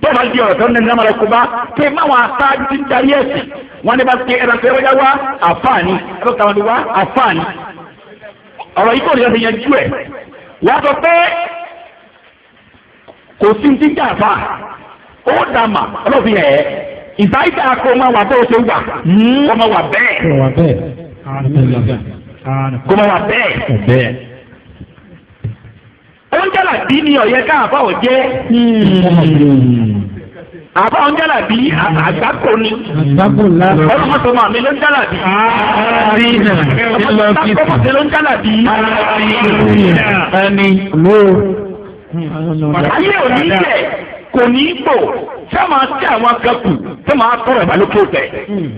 tó bá di ọ̀rọ̀ tó ní nàmàlà kúbá pé máwọn aṣáájú ti darí ẹ̀sìn wọn ní bá ti ẹran tó yẹ wá àfààní ẹ̀rọ wá ọ̀rọ̀ yìí kò ní ẹsẹ̀ yẹn jú ẹ̀ wọ́n sọ pé kò sí ti ó dà mà ẹ̀ kò wà ṣe wà hmm. kò wà bẹ́ẹ̀ kò oúnjẹ́là bí ni ọ̀yẹ́ ká àbá ò jẹ́ hmm. àbá oúnjẹ́là bí àgbákò ni ọlọ́mọ tó máa mi ló ń jẹ́là bí ọmọ tó ló ń jẹ́là bí ẹni ló. ayé òní jẹ kò ní í gbò ṣé máa tẹ àwọn akẹ́kọ̀ọ́ tó máa tọrọ ìbálòpọ̀ tẹ. Hmm.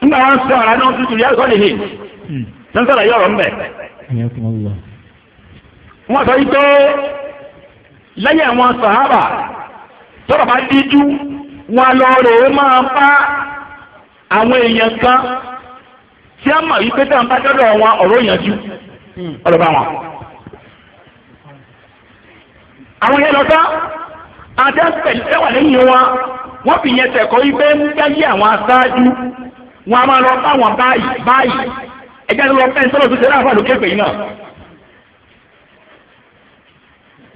nígbà wọn sọ ọ̀rọ̀ náà tuntun yẹ kọ́ nìyí ní sọ̀rọ̀ ń bẹ̀. wọ́n sọ wípé lẹ́yìn àwọn sàhábà tọ́rọ̀ bá díjú wọn lọ rè é máa bá àwọn èèyàn kan tí a mọ̀ tí a ń bá dọ́dọ̀ hmm. àwọn yẹn lọ wọn wọ́n tẹ̀kọ́ ń àwọn aṣáájú. wọn a máa lọ bá wọn báyìí báyìí ẹjẹ ló lọ pẹ́ sọ́dọ̀ tó ṣe láàfà lókè pè náà.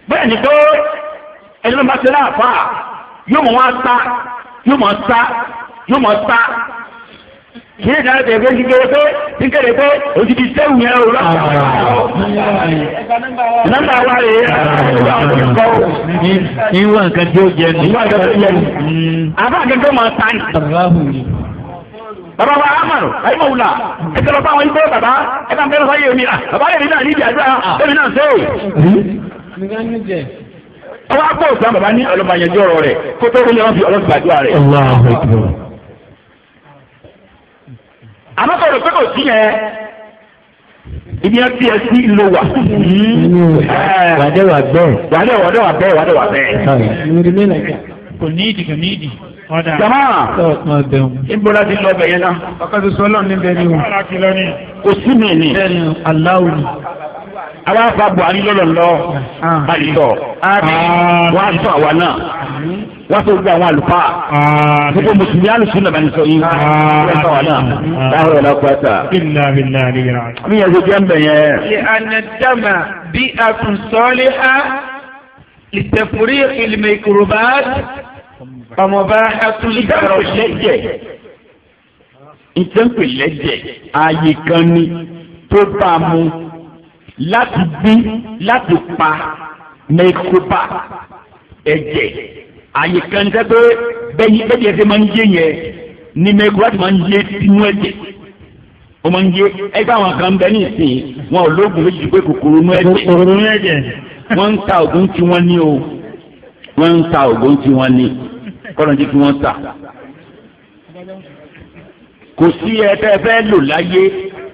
bẹ́ẹ̀ ni pé ẹni ló bá ṣe láàfà yóò mọ̀ wọ́n sá yóò mọ̀ sá yóò mọ̀ sá kì í dáná tẹ̀ pé kí kéde pé kí kéde pé òtítì sẹ́wù yẹn o lọ́wọ́. nọ́mbà wa rè é ìwọ nǹkan tí ó jẹ nù. Hmm. àbá àgẹ́gẹ́ máa ta ni bàbá wa amadu ayi ma wula ẹ tẹ lọ fún àwọn ikọ́ bàbá ẹ kàn fẹ́ lọ fáyé mi ah, bàbá yẹn mi náà níbi àdúrà èmi náà ṣe é. ọwọ́ àpò òsán bàbá ní ọlọ́mọyẹjọ́ ọ̀rọ̀ rẹ̀ kó tó wọlé wọn fi ọlọ́sùn gbàdúrà rẹ̀. àmọ́ kọ̀ọ̀rọ̀ pé kò sí yẹn ibi ẹ ti ẹ sí ló wà. wàdé bẹ́ẹ̀. wàdé bẹ́ẹ̀ wàdé bẹ́ẹ̀. kò ní ìdì kò ní ìdì jama ibola ti lọ bẹ̀yẹn náà. ọ̀kadì sọlọ ní bẹ́ẹ̀ ni o. kò sí mi ni. bẹ́ẹ̀ ni aláwo ni. àwa fa buhari lọ́lọ́ lọ ah. báyìí lọ. wọ́n á sọ àwa náà wọ́n á sọ gbogbo àwọn àlùfáà. gbogbo mùsùlùmí alùsùn nàbà ní sọ yìí. wọ́n á sọ àwa náà. láwọn ọ̀la kọ́ta. mi yẹn ti jẹ́ ń ṣe àná dàmà a kùn sọ́ọ́lé ha lìtẹ̀fúrí ìlmẹ̀kùrùbá kàmọba ìtẹ́ǹpè lẹ́jẹ̀ ìtẹ́ǹpè lẹ́jẹ̀ ààyè kan ni tó bá a mú láti bí láti pa mẹ́kópa ẹ̀jẹ̀ ààyè kan tẹ́ pé bẹ́yìn bẹ́yìn ẹsẹ̀ máa ń yé yẹn ní mẹ́kópa ti máa ń yé sínú ẹ̀jẹ̀ o máa ń yé ẹgbẹ́ àwọn kan bẹ ní ìsìn wọn ò lóògùn méjì pé kòkòrò nú ẹ̀jẹ̀ wọ́n ń ta ògùn tí wọ́n ní o wọ́n ń ta ògùn tí wọ́n ní kọ́lọ́njì kí wọ́n tà kò sí ẹ tẹ́ fẹ́ lò láyé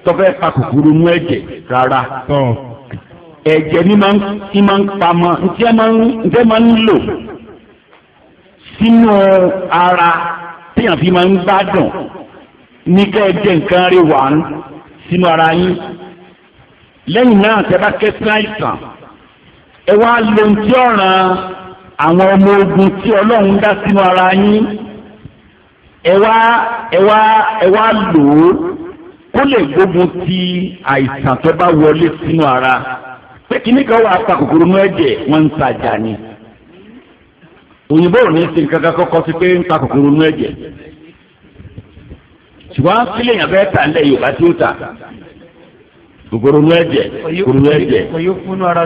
tó fẹ́ pa kòkòrò nú ẹ̀jẹ̀ rárá ẹ̀jẹ̀ ni máa ń pamọ́ ntẹ́ máa ń lò sínú ara téèyàn fi máa ń gbádùn ní ká ẹ̀jẹ̀ nǹkan rí wà sínú ara yín lẹ́yìn náà tẹ́ bá kẹ́sìn àìsàn ẹ wá lo ntí ọ̀ràn àwọn ọmọ ogun tí ọlọ́run dá sínú ara yín ẹ wá ẹ wá ẹ wá lò ó kó lè gbógun ti àìsàn tó bá wọlé sínú ara pé kíní kan wà pa kòkòrò inú ẹ̀jẹ̀ wọ́n ń tajà ni òyìnbó ò ní sin kankan kọ́kọ́ sí pé ń pa kòkòrò inú ẹ̀jẹ̀ ṣùgbọ́n sílẹ̀ yẹn fẹ́ tà lẹ́yìn òbá tí ó tà kòkòrò inú ẹ̀jẹ̀ kòkòrò inú ẹ̀jẹ̀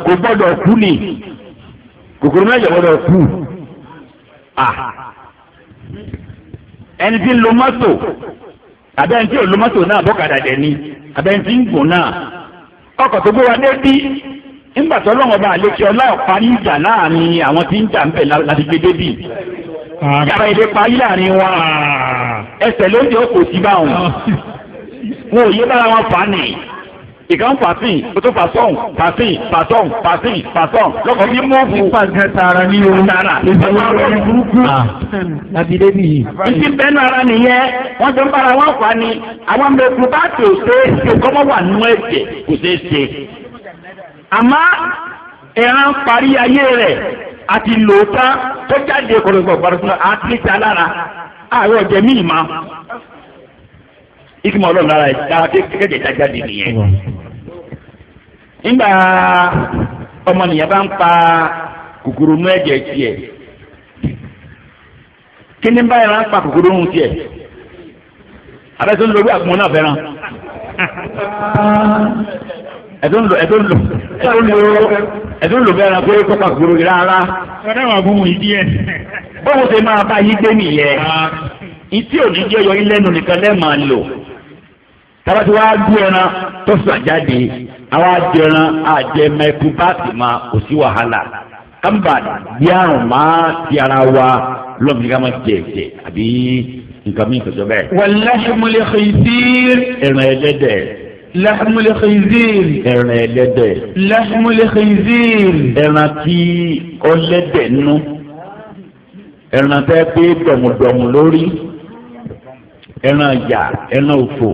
kò gbọ́dọ̀ kú ni kòkòrò méjì gbọ́dọ̀ kú ẹni tí ń lo mọ́tò àbẹ́ ẹni tí ò lo mọ́tò náà bọ́kadà dẹ̀ ni àbẹ́ ẹni tí ń gùn náà ọkọ̀ tó gbé wa dé bí nígbà tó lọ́wọ́ bá àlejò ọlọ́ọ̀pá ní ìjà láàrin àwọn tí ń jà ń bẹ̀ láti gbé dé bí yàrá ilé parí láàrin wa ẹsẹ̀ lóúnjẹ ó kò sí báwọn wọn ò yé bára wọn fà á ìkan fàtìn tó fàtọ̀n fàtìn fàtọ̀n fàtìn fàtọ̀n lọ́kọ̀ bí mú fún. nípa nǹkan tààrà ní o tààrà ìbẹ̀wò rẹ̀ burúkú. àbí débi yìí. ìdí bẹ́ẹ̀ náà nìyẹn wọ́n ti ń bára wọn fà ni àwọn mẹ́kùn bá tó ṣe é ṣe kọ́mọ́ wà nínú ẹ̀jẹ̀ kò é ṣe. àmọ́ ìran parí ayé rẹ̀ àti lòótá tó jáde kọ̀ọ̀lọ́gbọ̀n gbàdúrà àti ìta ìkìmọ̀ ọlọ́run lára ẹ̀ lára kékeré ìta jáde nìyẹn. nígbà ọmọnìyàn bá ń pa kòkòrò nú ẹ̀jẹ̀ tiẹ̀ kí ni báyìí máa ń pa kòkòrò nù tiẹ̀ abẹ́tún lórí àgbọn náà fẹ́ràn ẹ̀tún lò ẹ̀tún lò ẹ̀tún lò ẹ̀tún lò fẹ́ràn pé kó pa kòkòrò yìí rárá. ọ̀rẹ́ wà fún mi díẹ̀. bóun ṣe máa bá yí gbé nìyẹn ìtí jẹ́ yọ ilé nu nìkan lẹ́ẹ̀ máa lò. tabati wa du ẹran tó sàn jáde àwa jẹ ẹran àjẹ mẹkú báàsì ma kò sí wàhálà kàmbà bí àrùn máa ti ara wa lọ́mọdé ká máa jẹ ẹ̀jẹ̀ àbí nǹkan mi tọ̀jọ́ bẹ́ẹ̀. walahmul khinzir. ẹran ẹlẹ́dẹ̀. lahmul khinzir. ẹran ẹlẹ́dẹ̀. lahmul khinzir. ẹran tí ọlẹ́dẹ̀ nú ẹran tẹ́ pé dọ̀mùdọ̀mù lórí ẹran ìyà ẹran òfò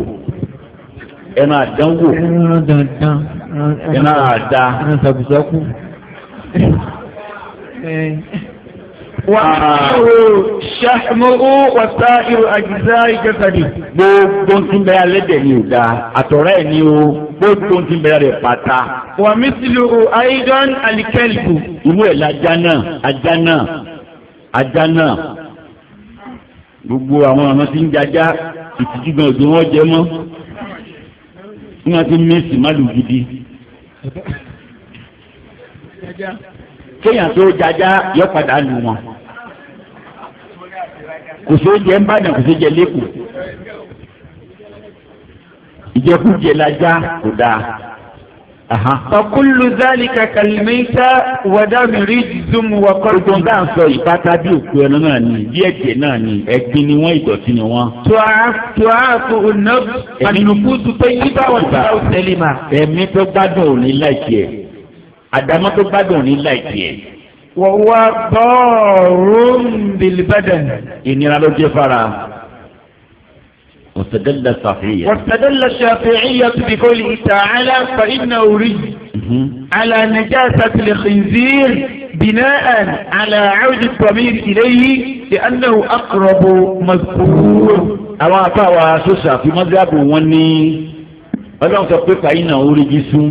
ẹnu àdánwò ẹnu àdá ẹnu sàbùsàkù. Ṣàmúrú wàtá irú àjíṣá ìjọsàdì. Gbogbo ń tún bẹ́ẹ̀ alẹ́dẹ̀ ni ò dáa, àtọ̀rẹ́ ẹ̀ ni o, gbogbo ń tún bẹ́ẹ̀ rẹ̀ pátá. Wà mí sí lu Aidan Alikẹ́lìkù. Irú ẹ̀ lajá náà, ajá náà, ajá náà. Gbogbo àwọn ọ̀nà tí ń jajá, ìtìjú gan-an òjò wọn mọ́ ní wọn ti mẹ́sì má lù gidi. kéèyàn tó jaja yọ padà lù wọn kò sí oúnjẹ ń bàdàn kò sí oúnjẹ lẹ́kọ̀ọ́ ìjẹkújẹ la já kò dáa. Ọkùnlù zálìkà kàlìmẹ́ta wàdàmìrí zum wọkọ̀. Gbogbo ń dáhùn sọ ìpátá bí òkú ẹnu náà ni bí ẹ̀jẹ̀ náà ni ẹ̀gbin ni wọ́n ìdọ̀tí ni wọ́n. Tùwàásù ònàbù ànùkútù tó yí bá wọn bá òtẹ́lì mà. Ẹ̀mí tó gbádùn ò ní láìkí ẹ̀. Àdámọ́ tó gbádùn ò ní láìkí ẹ̀. Wọ́n wá bọ́ọ̀rù واستدل الشافعية واستدل الشافعية بقوله تعالى فإنه رجل على نجاسة الخنزير بناء على عود الضمير إليه لأنه أقرب مذكور àwọn afáwa sọ́sà fi mọ́sáàbù wọn ní ọlọ́run sọ pé fàyínà ó rígísú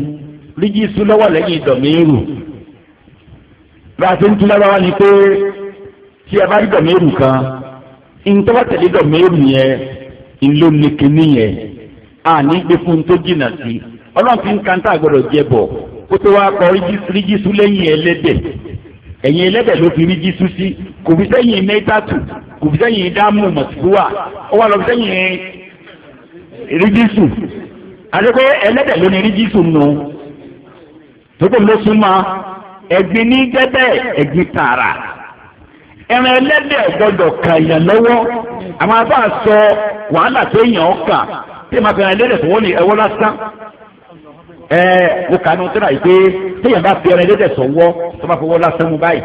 rígísú lọ́wọ́ lẹ́yìn dọ̀míìrù bá a ti ń tún lọ́wọ́ ni pé tí a bá rí dọ̀míìrù kan ìǹtọ́wọ́ tẹ̀lé dọ̀míìrù yẹn ńlọ ní a ní gbé fún tó jìnnà sí ọlọ́run fi ń kan tá a gbọ́dọ̀ jẹ bọ̀ kó tó wá kọ rígísú lẹ́yìn ẹlẹ́dẹ̀ ẹ̀yìn ẹlẹ́dẹ̀ ló fi rígísú sí kò fi sẹ́yìn mẹ́tàtù kò fi sẹ́yìn dámù mọ̀síkúwà ó wà lọ fi sẹ́yìn rígísù àdékò ẹlẹ́dẹ̀ ló ní nù ló ní gẹ́gẹ́ tààrà ẹ̀rìn ẹlẹ́dẹ̀ gbọ́dọ̀ kàyàn àwọn afá sọ wàhálà téèyàn ọkà téèyàn máa fi hàn ẹlẹ́dẹ̀ tó wọ́n ní ẹwọ́ lásán ẹ mo kà ní ọtí náà yìí pé téèyàn bá fi hàn ẹlẹ́dẹ̀ sọ̀wọ́ tó bá fọwọ́ lásán mu báyìí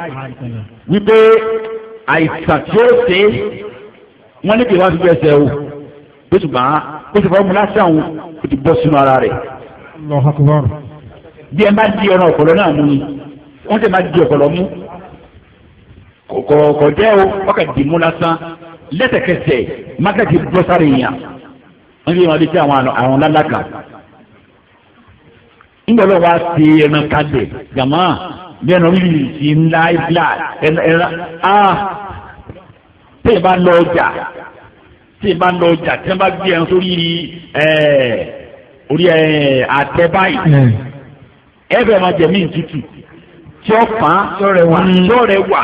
wípé àìsàn tí ó ṣe wọ́n ní kí wọ́n fi bẹ́ẹ̀ sẹ́ o bí ṣùgbọ́n bí ṣùgbọ́n mo lásán o kò ti bọ́ sínú ara rẹ̀. bí ẹ bá di ọ̀nà ọ̀pọ̀lọ náà mú ni wọ́n ti máa di ọ̀pọ̀lọ mú kò jẹ́ o ọkà dì mú lẹ́sẹ̀kẹsẹ̀ mákẹ́tì bọ́ sáré yàn wọ́n fi máa bí sí àwọn àwọn lálàkà nígbà lọ́wọ́ wa ṣe ẹran kalẹ̀ jàmá bẹ́ẹ̀ náà wíwì sí ńlá ìbílà ẹran a tẹ̀ bá lọ ọjà tẹ̀ bá lọ ọjà tẹ̀ bá gbé ẹran sórí orí àtẹ báyìí hmm. ẹ bẹ̀rẹ̀ máa jẹ̀ mí tútù tí ó fà á tí ó rẹwà mm. tí ó rẹwà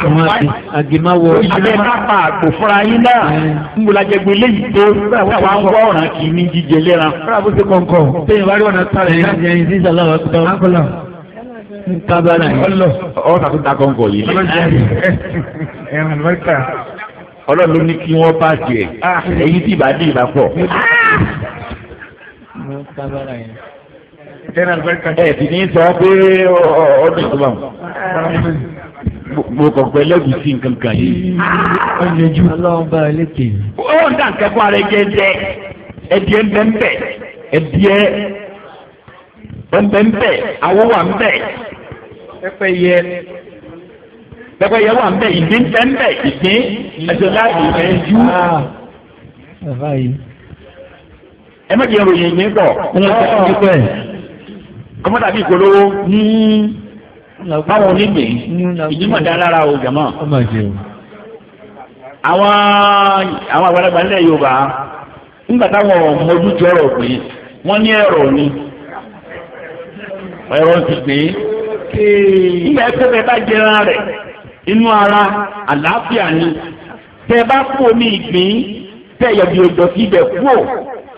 àgìmáwò abẹ́ kápá àgbò fúnra yín náà mm. ń bò lájẹ gbé léyìí tó wà ń wá ọ̀ràn kì í ní jíjẹ lẹ́ra. fúnra bó ṣe kọ̀ǹkọ̀ téèyàn bá rí ọ̀nà tààrà yìí láti ẹyin sí ìṣàlá ọ̀tọ̀ akọlọ ntabala yìí. ọ̀rọ̀ kàtó da kọ̀ǹkọ̀ yìí. ọlọ́run ló ní kí wọ́n bá jẹ èyí ah. tí ì ẹ sì ní sọ pé ọdún tó bá wọn mo kàn pẹ́ lẹ́bi sí nǹkan kan yìí. ọ̀nẹ́jú ọlọ́run bá ẹ lékè. ó ń dà kẹ́kọ̀ọ́ ara ẹ̀jẹ̀ jẹ́ ẹ̀díẹ̀ mbẹ́mbẹ́ ẹ̀díẹ̀ mbẹ́mbẹ́ awọ́ wà mbẹ́ pẹ́pẹ́ yẹ pẹ́pẹ́ yẹ wà mbẹ́ ìdín mbẹ́mbẹ́ ìdín ẹ̀dọ́lá ìrẹ́jú. Ah, ẹ má jẹ́ ròyìn yín pọ̀. kọ́mọ́ tàbí ìpolówó ní báwọn onígbè ìdímọ̀ lára o jàmọ́. àwọn àwọn àgbàlagbà nílẹ̀ Yorùbá nígbà táwọn mọ̀jútù ọ̀rọ̀ pé wọ́n ní ẹ̀rọ ni ẹ̀rọ ti gbé nígbà bá jẹran rẹ̀ inú ara àlàáfíà ni bá kú omi ìgbín ọjọ́ sí ibẹ̀ kú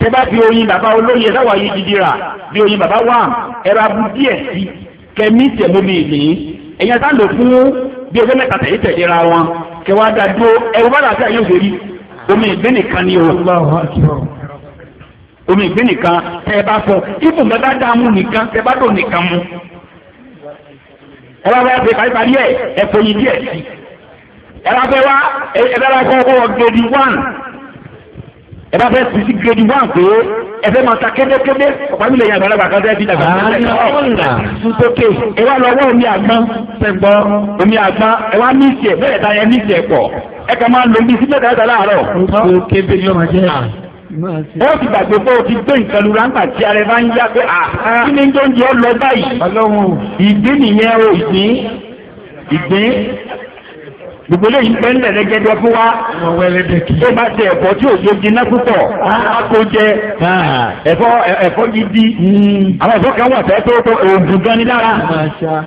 tẹ bá fi oyin bàbá olóye sáwà yìí dídí rà bí oyin bàbá wà ẹ̀rọ abu díẹ̀ sí kẹmí tẹ̀mú mi nì ẹ̀yẹ sá lò fún bí ọjọ́ mẹ́ta tẹ̀lé tẹ̀lé ra wọn kẹwàá da dúró ẹ̀rọ bá làásì àyè òṣèré omi ìgbín nìkan ni o omi ìgbín nìkan tẹ bá fọ ibùn bá dáadáa mú nìkan tẹ bá dò nìkan mú ẹ bá fẹ́ ṣe paríparí ẹ̀ ẹ̀fọ́ yìí díẹ̀ sí ẹ bá fẹ́ wá ẹ bá fẹ́ kọ́ one ẹ bá fẹ́ sisi gidi wá pé ẹ fẹ́ máa ta kédékédé ọ̀pá mi lè yan àgbàlagbà kan tẹ́ẹ̀ bí dàgbà tẹ́lẹ̀ ọ̀ sùtókè ẹ wá lọ wá omi àgbọn tẹ̀gbọ́ omi àgbọn ẹ wá ní ìsì ẹ bẹ́ẹ̀ ta yẹn ní ìsì ẹ pọ̀ ẹ kàn máa lo omi sí mẹ́ta ẹ̀ta láàárọ̀. ó ti gbàgbé pé o ti gbé nǹkan lu ráńpà tí ara ẹ bá ń yá pé à kí ni tó ń jẹ́ ọ lọ báyìí ìgbín gbogbo eléyìí pẹ́ ńlẹ̀ lẹ́gẹ́dẹ́ fún wa tó bá ṣe ẹ̀fọ́ tí ò yóò jiná púpọ̀ kó jẹ ah. ẹ̀fọ́ ẹ̀fọ́ gidi hmm. àwọn ẹ̀fọ́ kan wà fẹ́ tó tó oògùn gan ni lára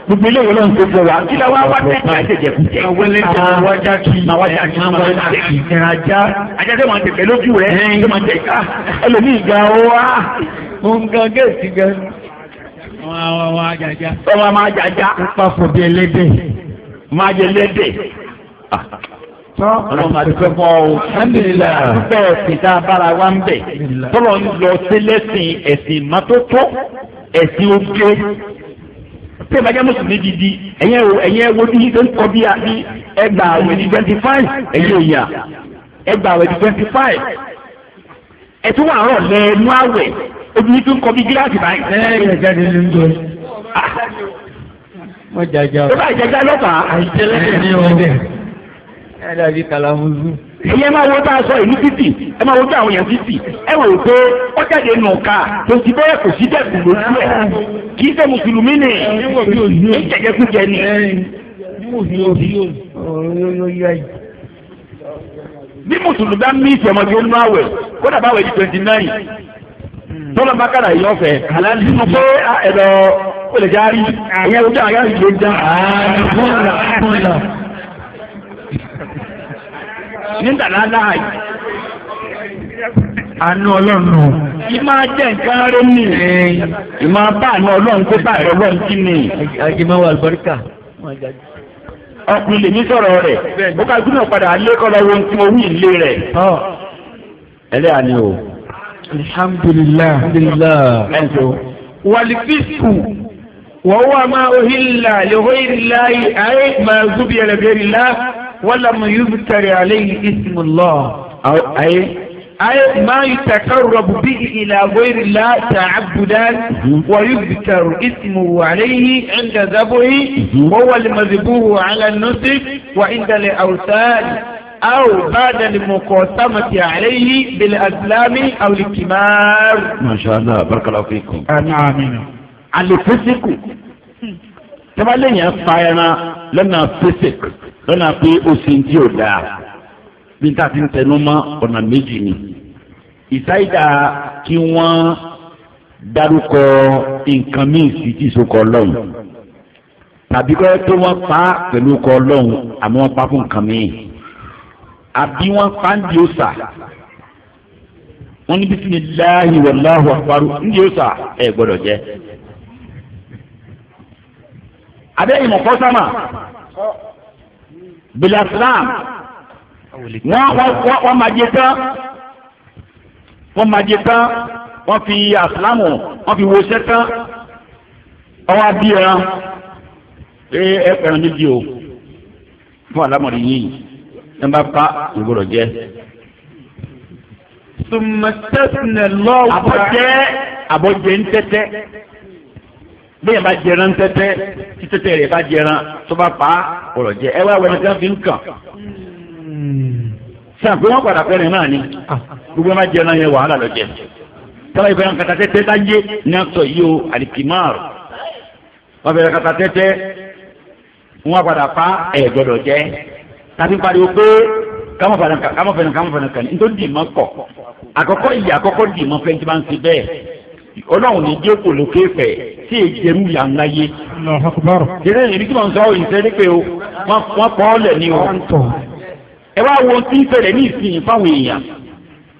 gbogbo eléyìí ló ń tó fún wa kí la wá wá tẹ̀ ká ṣèjẹ̀ fún jẹ. àwẹlẹ ah. tẹ àwọn ajá kì í àwọn ajá kì í máa ń tẹ ìjẹra ajá ajá tẹ máa ń tẹ̀fẹ́ lójú rẹ tó máa ń tẹ̀ ká ẹlòmíì ga ó wá. mo ń gan géètì gan. ọmọ àwọn ajájá. ọmọ àwọn ajájá. ó pàfọ̀ bí ẹlẹ́dẹ̀. máa jẹ ẹlẹ́dẹ̀ ọlọ́run àdúgbò fún ọ o àdúgbò ẹ̀sìn tá a bára wa ń bẹ̀ tọ́lọ̀ ń lọ sí lẹ́sìn ẹ̀sìn mọ́tótó ẹ̀sìn oge tí ìbàjẹ́ mùsùlùmí didi ẹ̀yẹ́ wo ẹ̀yẹ́ wo bí ó ń kọ́ bí i ẹgbàá àwẹ̀ ní twenty five ẹ̀yẹ́ òyà ẹgbàá àwẹ̀ ní twenty five ẹtú wà rọ lẹẹnu àwẹ̀ ojú yìí tó ń kọ bí gíláàsì báyìí. ẹ ẹ jẹjẹ ni ló ń dọ yìí. Ah. wọ́n jàjà o. ó bá jàjà lọ́pàá. àìjẹ́lẹ́dẹ̀ ni o ẹ dàbí kàlàmùsù. ìyẹn máa wo tá a sọ ìlú títì ẹ máa wo tó àwọn èèyàn títì ẹ wò ó pé ó jáde nù ká kò sí bẹ́ẹ̀ kò sí dẹ̀kùn lójú ẹ̀ kì í ṣe mùsùlùmí ni ní jẹjẹkújẹ ni. bí mùsùlùmí bá mí ìṣẹ̀mọ̀ tí ó ń náà wẹ̀ kódà bá wẹ̀ ní twenty nine tọ́lọ̀ bá kára yìí ọ̀fẹ́ àlàyé nínú pé ẹ̀rọ olè járí ìyẹn ojú àwọn yàrá ìlú ń já nígbà láláà yìí. Àánú ọlọ́run o. Ìmọ̀ ajẹ́ nǹkan rẹ̀ nì. Ìmọ̀ bá àánú ọlọ́run kó bá àrẹ ọlọ́run kí ni. Àjẹmọ́ wa àlùbáríkà. Ọkùnrin lèmi sọ̀rọ̀ rẹ̀. Ó ká gbúdọ̀ padà lé kọ́lọ́ wo tí mo wí ilé rẹ̀. Ẹlẹ́yà ni o. Alhamdulillah. Alhamdulillah. Wàlífíìsù wọ́n wà máa ń hìlà lè hó ìrìlá yìí àyè máa zúbi ẹ̀rẹ̀ bẹ́ẹ̀ ولم يذكر عليه اسم الله أو أي أي ما يتقرب به إلى غير الله تعبدا ويذكر اسمه عليه عند ذبحه وهو المذبوح على النسك وعند الأوثان أو بعد المقاسمة عليه بالأسلام أو الكمار ما شاء الله بارك الله فيكم آمين على فسكو تبا لن يفعلنا lọ́nà pẹ́sẹ̀k lọ́nà pé ó ṣe ń tí ò dáa bí tá a ti ń tẹnu mọ́ ọ̀nà méjì ni ìsáyidà kí wọ́n dárúkọ nǹkan míì sí tí ìsokọ̀ ọlọ́run tàbí kọ́ pé wọ́n pa pẹ̀lú ọkọ̀ ọlọ́run àmọ́ wọ́n pa fún nǹkan míì àbí wọ́n pa ń di òòsà wọ́n ní bísí ni láàyè wàláhùn àparò ń di òòsà ẹ̀ gbọ́dọ̀ jẹ́ abẹ́yìn mọ̀kọ́ sámà bilasilam wọ́n wọ́n máa jẹ tán wọ́n máa jẹ tán wọ́n fi asilamu wọ́n fi wọṣẹ́ tán ọwọ́ abí ẹran ẹ ẹ pẹ̀rọ níbi o fún alámọ̀rin yìí ẹ bá pa ìgbọ́dọ̀ jẹ́. sùmọ̀tẹ́sìn lọ́wọ́. àbọ̀jẹ́ àbọ̀jẹ́ ń tẹ́tẹ́ bẹ́ẹ̀ bá jẹran tẹ́tẹ́ tí tẹ́tẹ́ rẹ̀ bá jẹran tó bá pa ọ̀rọ̀ jẹ ẹ wá wẹ̀rẹ̀ kan fi ń kàn. sàn pé wọ́n padà fẹ́rẹ̀ náà ni gbogbo ẹ̀ má jẹran yẹn wàhálà lọ jẹ. sábà ìfẹ́ràn kata tẹ́tẹ́ láyé ní àtọ̀ yìí o àlìkìmáàrù. wọ́n fẹ́ràn kata tẹ́tẹ́ wọ́n padà pa ẹ̀ gbọ́dọ̀ jẹ. tàbí pariwo pé kámọ́ fẹ́ràn kámọ́ fẹ́ràn kámọ́ fẹ́ràn kàn ọlọ́run ní jẹ́ kò lókè fẹ̀ tí èjẹ̀mú yà ń láyé. ìrẹ́ ìrìn bí wọ́n sọ ìṣe ní pé wọ́n pọ́ ọ́ lẹ̀ ní o. ẹ wá wo tí ń fẹ̀rẹ̀ ní ìsìn fáwọn èèyàn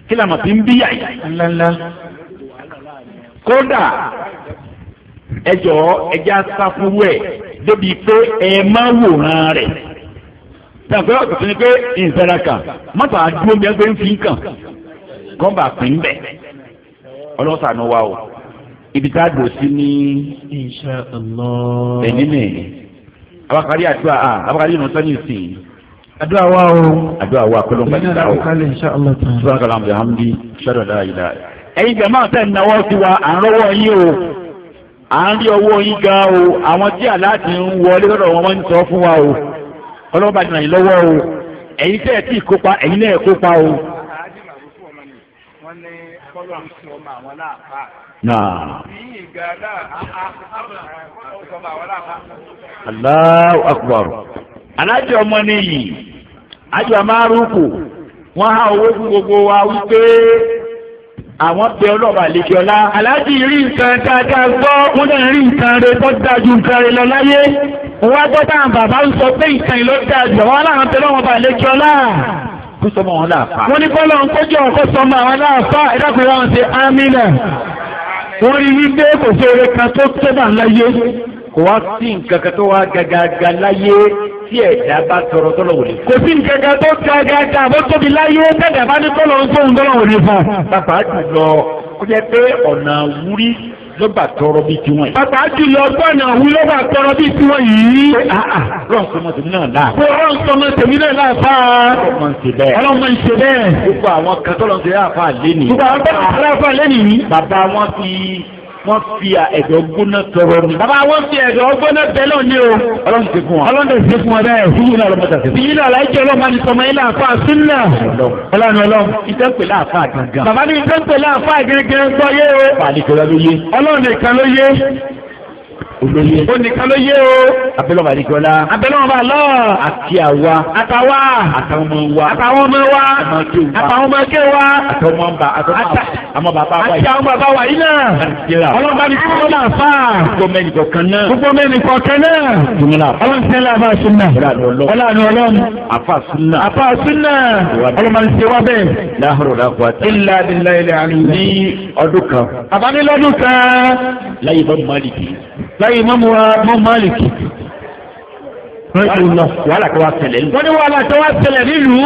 kí làmọ̀ tí ń bí yà yìí. kódà ẹ jọ̀ọ́ ẹ já sáfúrú ẹ̀ débi pé ẹ má wòran rẹ̀ tàbí ọ̀tún ni pé ìsẹ̀ra kan mọ́tò àdúró mi ẹgbẹ́ ń fi kàn kọ́ bá pín bẹ́ẹ̀ ọlọ́wọ́ sànú wa o ibi tá a dùn sí ní. insha Allah. ẹni nì abakari àdúrà a abakari yìí nìkan yìí sìn. àdúrà wa o. àdúrà wa kọlọ ń gbàdúrà o. sọ́dọ̀ kàlà àmì hàmdi sọ́dọ̀ dára yìí dára. ẹ̀yin jàmáà tẹ̀ ń nawọ́ sí wa à ń rọwọ́ yín o à ń rí ọwọ́ yín ga o àwọn tí aláàtì ń wọlé lọ́dọ̀ wọn ń sọ fún wa o ọlọ́ba ti ràn yín lọ́wọ́ o ẹ̀yin tẹ́ ẹ̀ tí ì kópa ẹ̀yin náà ẹ̀ kópa o kọ́lọ́ ń sọ ọmọ àwọn láàpá. Yìí ga náà ọmọ àwọn láàpá. Allahu akbar. Alájọ ọmọ nìyí, àjọ amárùkù, wọ́n há owó fún gbogbo wa wípé àwọn bẹ ọlọ́ba àlejò ọlá. aláàjì rí nǹkan dáadáa gbọ́ wọ́n náà rí nǹkan rẹ tó dáa nǹkan rẹ lọ láyé. wọ́n á gbọ́ táwọn bàbá ń sọ pé nǹkan ìlú àwọn aláwọn ọba àlejò ọlá kó sọmọ wọn láàfà. wọ́n ní kọ́lọ̀ ń kójú ọ̀kọ́ sọmọ àwọn láàfà ẹ̀dàkùnrin wọn ti amínà. wọ́n rí wípé kò sí eré kan tó tẹ́bà láyé. kò wá sí nǹkan kan tó wá gàgàgà láyé tí ẹ̀dá bá tọrọ tọ́lọ̀ wò lè fún. kò sí nǹkan kan tó gàgàgà bó tóbi láyé tẹ̀dá bá ní tọ́lọ̀ ń tóun tọ́lọ̀ wò lè fún. bàbá jùlọ kó jẹ́ pé ọ̀nà wúrí lọ́ba tọrọ bíi tiwọn yìí. bàbá jùlọ gbọ́nà òun lọ́ba tọrọ bíi tiwọn yìí. Ah, ah, rọ̀ sọmọ tèmi náà láà. kò rọ̀ sọmọ tèmi náà láà fà á. ọlọ́mọ ìṣe bẹ́ẹ̀. ọlọ́mọ ìṣe bẹ́ẹ̀. gbogbo àwọn kan tọ́lọ́ ń ṣe àfa lẹ́nìí. gbogbo àwọn kan tọ́lọ́ ń lẹ́nìí. bàbá wọn fi wọ́n fi ẹ̀dọ̀ gbóná tọrọ ni. bàbá wọn fi ẹ̀dọ̀ gbóná bẹ́ẹ̀ náà ní o. ọlọ́run ti fún wa. ọlọ́run ti ṣe fún wa bẹ́ẹ̀ fún yìí náà lọ́mọ tàbí. fi yìí náà láìjẹ́ ọlọ́run ni sọmọ ilé àfa sílẹ̀. ọlọ́run ọlọ́run ìtẹ́ pẹ̀lú àfa gangan. bàbá ní ìtẹ́ pẹ̀lú àfa gẹ́gẹ́ sọ yé o. fàlẹ́ kẹlẹ́ ló yé. ọlọ́run nìkan ló yé olóyè. ó nìkan ló yé o. abẹ́lọ́wọ́ àdìjọ́lá. abẹ́lọ́wọ́ bá lọ. àti àwa. àtàwa. àtàwọn ọmọ wa. àtàwọn ọmọ wa. àtàwọn ọmọ ké wa. àtàwọn ọmọ bá àtàwọn bàbá wa yìí. àti àwọn bàbá wa yìí náà. ọlọ́ba ni kí wọ́n náà fà. gbogbo mẹ́rin kọ̀ọ̀kan náà. gbogbo mẹ́rin kọ̀ọ̀kan náà. jùmọ̀lá. ọlọ́nsẹ́lá àbá sunna. ọlọ́ni ọlọ́run. àfa sunna. àfa sunna. ọlọ́mọdé ṣe wá bẹ́ẹ̀. láhùrù láhùrù. ilà abilà ilẹ̀ àná. ní láyé mọ́mú wa mọ́mú máàlìkì wàhálà kan wá ṣẹlẹ̀ nílùú. wọ́n ní wàhálà kan wá ṣẹlẹ̀ nílùú.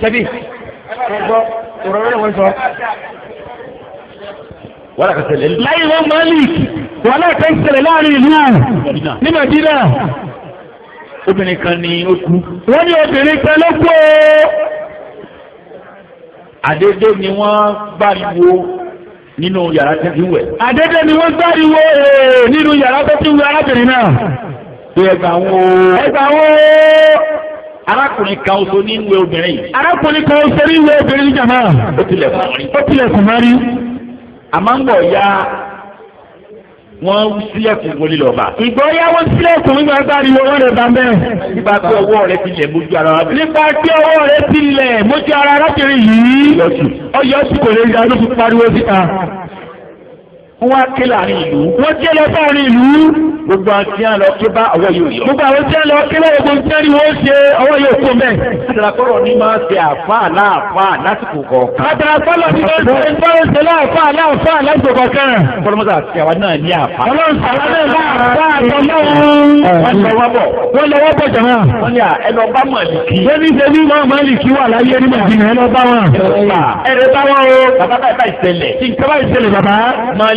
ṣebí wàhálà kan ṣẹlẹ̀ nílùú. láyé mọ́mú máàlìkì wàhálà kan ṣẹlẹ̀ láàrin ìlú ní Màdínà obìnrin kan ni ó kú. wọ́n ní obìnrin kan ló kú o. àdédé ni wọ́n bá wo nínú yàrá tí ń wẹ̀. àdédé ni wọ́n gbáriwo nínú yàrá tó ti ń wẹ̀ arábìnrin náà. pé ẹgbà ń wo. ẹgbà ń wo. arákùnrin kan oṣù ní ìwé obìnrin. arákùnrin kan oṣù ní ìwé obìnrin jàmá. ó tilẹ̀ fún wọn ó tilẹ̀ fún wọn rí. àmọ́ ń bọ̀ ya wọ́n sílẹ̀kùn wọlé lọ́ba. ìgbóyàwó sílẹ̀kùn nígbà gbárí owó rẹ̀ bá mẹ́rin. nípa pé ọwọ́ rẹ̀ ti lẹ̀ mójú ara rẹ̀. nípa pé ọwọ́ rẹ̀ ti lẹ̀ mójú ara rẹ̀ kiri yìí. ọyọ́ sì kò lè rí arúgbó pariwo síta wọ́n wá ké láàrin ìlú. wọ́n ké lọ sáàrin ìlú. gbogbo àwọn tí wọ́n lọ ké bá ọwọ́ yóò yọ. gbogbo àwọn tí wọ́n lọ ké lọ́wọ́ gbogbo tí wọ́n ní wọ́n ṣe ọwọ́ yóò kó mẹ́. àtàlàkọ́rọ̀ ni máa ṣe àfáà láàfáà lásìkò kọ̀ọ̀kan. àtàlàkọ́rọ̀ ni máa ṣe máa ṣe láàfáà láàfáà lásìkò kọ̀ọ̀kan. kọ́lọ́mọ́sà ti àwa náà ní àfáà. ọlọ́run sàrà náà láàfáà àtọ́lọ́run. wọ́n lọ wá bọ̀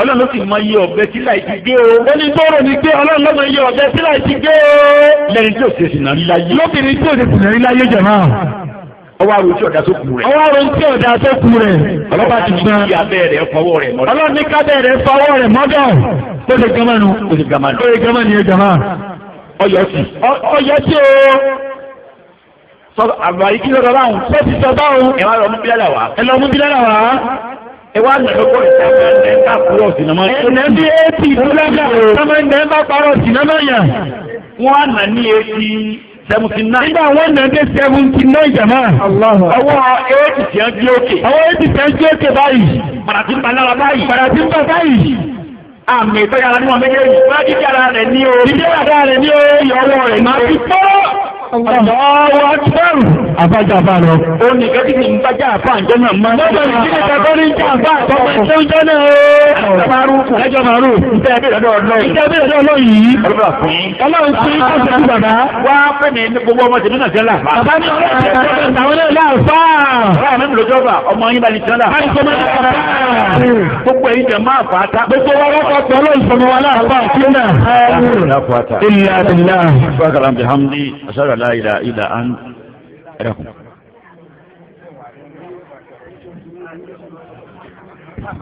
ọlọ́run ló sì mọ iye ọ̀bẹ tí láì ti gé o. ẹni tó rò ní pé ọlọ́run ló mọ iye ọ̀bẹ tí láì ti gé o. lẹ́yìn tí ò ṣe sìnà rí láyé. lóbìnrin tí ò ṣe sìnà rí láyé jẹ̀ náà. ọwọ́ àrùn tí ọ̀dà tó kù rẹ̀. ọwọ́ àrùn tí ọ̀dà tó kù rẹ̀. ọlọ́ba ti gbọ́n. ọlọ́run ní kábẹ́ rẹ̀ fọwọ́ rẹ̀ mọ́dọ̀. ó lè gamanu. ó lè gamanu. ó lè gamanu yẹn jama. ọyọ sí. ọyọ sí o àgbà yìí kí ló rọra òun. ó ti sọ báwo. ẹ wá lọ mú bílẹ̀ wá. ẹ lọ mú bílẹ̀ wá ìwà àgbẹ̀dọ́gbọ̀ ìjàmbá ẹ̀ ń ká kúrò sí nàmọ́. ẹ̀ ní eighty dọ́là ọmọ ẹ̀ ń bá parọ́ sí nàmọ́ yẹn. wọ́n á nà ní eighty seventy nine. nígbà wọ́n nà dé seventy nine jàmá. ọwọ́ eighty tí ń gbé òkè. ọwọ́ eighty tí ń gbé òkè báyìí. pàràtí ń bá lára báyìí. pàràtí ń bá báyìí àmì ìtọ́jára ní wọn méjèèjì. bá jíjára rẹ̀ ní orí. jíjára rẹ̀ ní orí ọwọ́ rẹ̀. màá ti tọ́ Ọ̀wọ́ Akíbárù. Àfájà àfá lọ. Ó ní kẹ́kí ni ń bájà àfá àjọ náà máa ń bá. Lọ́dọ̀ ìdílé kẹ́kọ́ ní ìjà àfá àtọ́mọ ẹ̀ṣẹ́ oúnjẹ náà ó. Ẹjọ́ màrú. Ìjẹ́ ẹbí ìdọ́dọ̀ ọlọ́run. Ìjẹ́ ẹbí ìdọ́dọ̀ ọlọ́run yìí. Ọlọ́run tí ó ṣe fún bàbá. Wá pè mí ní gbogbo ọmọ tèmi náà jẹ́ làfà. Bàbá mi ọlọ́run àwọn ilé làfà. Bàbá mi lójó bà ọmọ yín bá ní jẹ́ láìlà ìlà án ẹ̀kùn.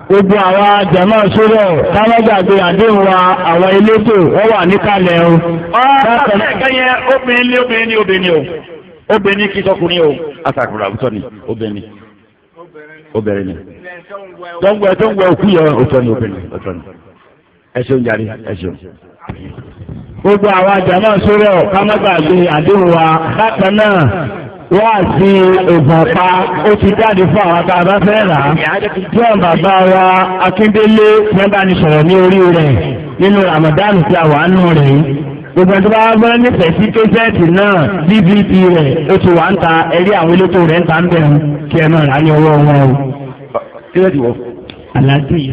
gbogbo àwa jẹ̀mọ́ sọ́rọ̀ tálágbàgbé àdéhùn wa àwọn elétò wọ́n wà níkàlẹ̀ o. ọ̀rọ̀ kẹ́yẹ obìnrin ní obìnrin ní obìnrin o obìnrin kì í sọkùnrin o. asàkùnrin àwùjọ ni obìnrin obìnrin ni. o. ń òkú ni obìnrin òtọ́ ni. ẹ ṣeun jàre ẹ ṣeun. gbogbo àwọn àjàmọ́ sórí ọ̀ ká má gbàgbé àdéhùn wa bákan náà wá sí ìgbọ̀npa ó ti jáde fún àwọn tá a bá fẹ́ rà á john bàbá wa akíndélé tí ní orí rẹ̀ nínú ramadan tí a wà nù rẹ̀ yìí gbogbo ẹni tó bá gbọ́ nífẹ̀ẹ́ sí késẹ́ẹ̀tì náà dvd rẹ̀ ó ti wà ń ta ẹ̀rí àwọn elétò rẹ̀ ń ta ń bẹ̀rù kí ẹ náà rà á ní ọwọ́ wọn o. kí ló dì wọ́? aláàtì yìí.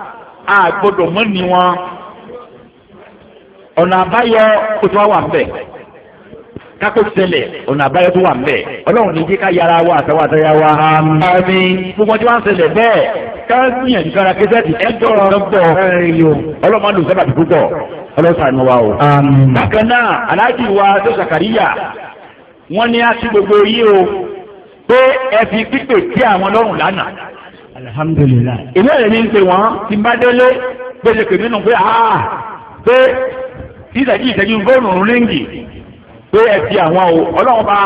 a gbọ́dọ̀ mọ́ ni wọn ọ̀nà àbáyọ kò tó wà mbẹ̀ kákó ṣẹlẹ̀ ọ̀nà àbáyọ tó wà mbẹ̀ ọlọ́run ní jẹ́ ká yára wa àtàwọn àtàyà wa. àmì gbogbo ọjọ́ wa ń ṣẹlẹ̀ bẹ́ẹ̀ káyọ̀ ní kára kẹsẹ̀ ti ẹjọ́ ọ̀dọ́ ọlọ́mọ lù sábà tó púpọ̀ ọlọ́sàn wa o. bákan náà aláàjì wa tó sàkàríyà wọ́n ní á sí gbogbo yìí o pé ẹ fi pípè tí àwọn lọ́rùn lánàá alihamudulilayi. ìbéèrè mi ń pè wọ́n ti bá délé gbèsè pèmí nù pé aa ah, pé ìdájí ìdájí fóònù ríngì pé ẹ fi àwọn o ọlọ́run bá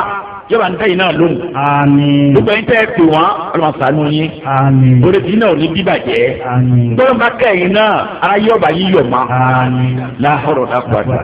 yọba níta yìí náà lónìí. àmín. gbogbo ẹni tẹ́ ẹ pè wọ́n ọlọ́run ṣàánú yín. àmín. orí náà ò ní bíbàjẹ́. àmín. gbọ́dọ̀ bá kẹ́yìn náà ara yọba yíyọ̀ ma. àmín. láhọ̀rọ̀ lápá.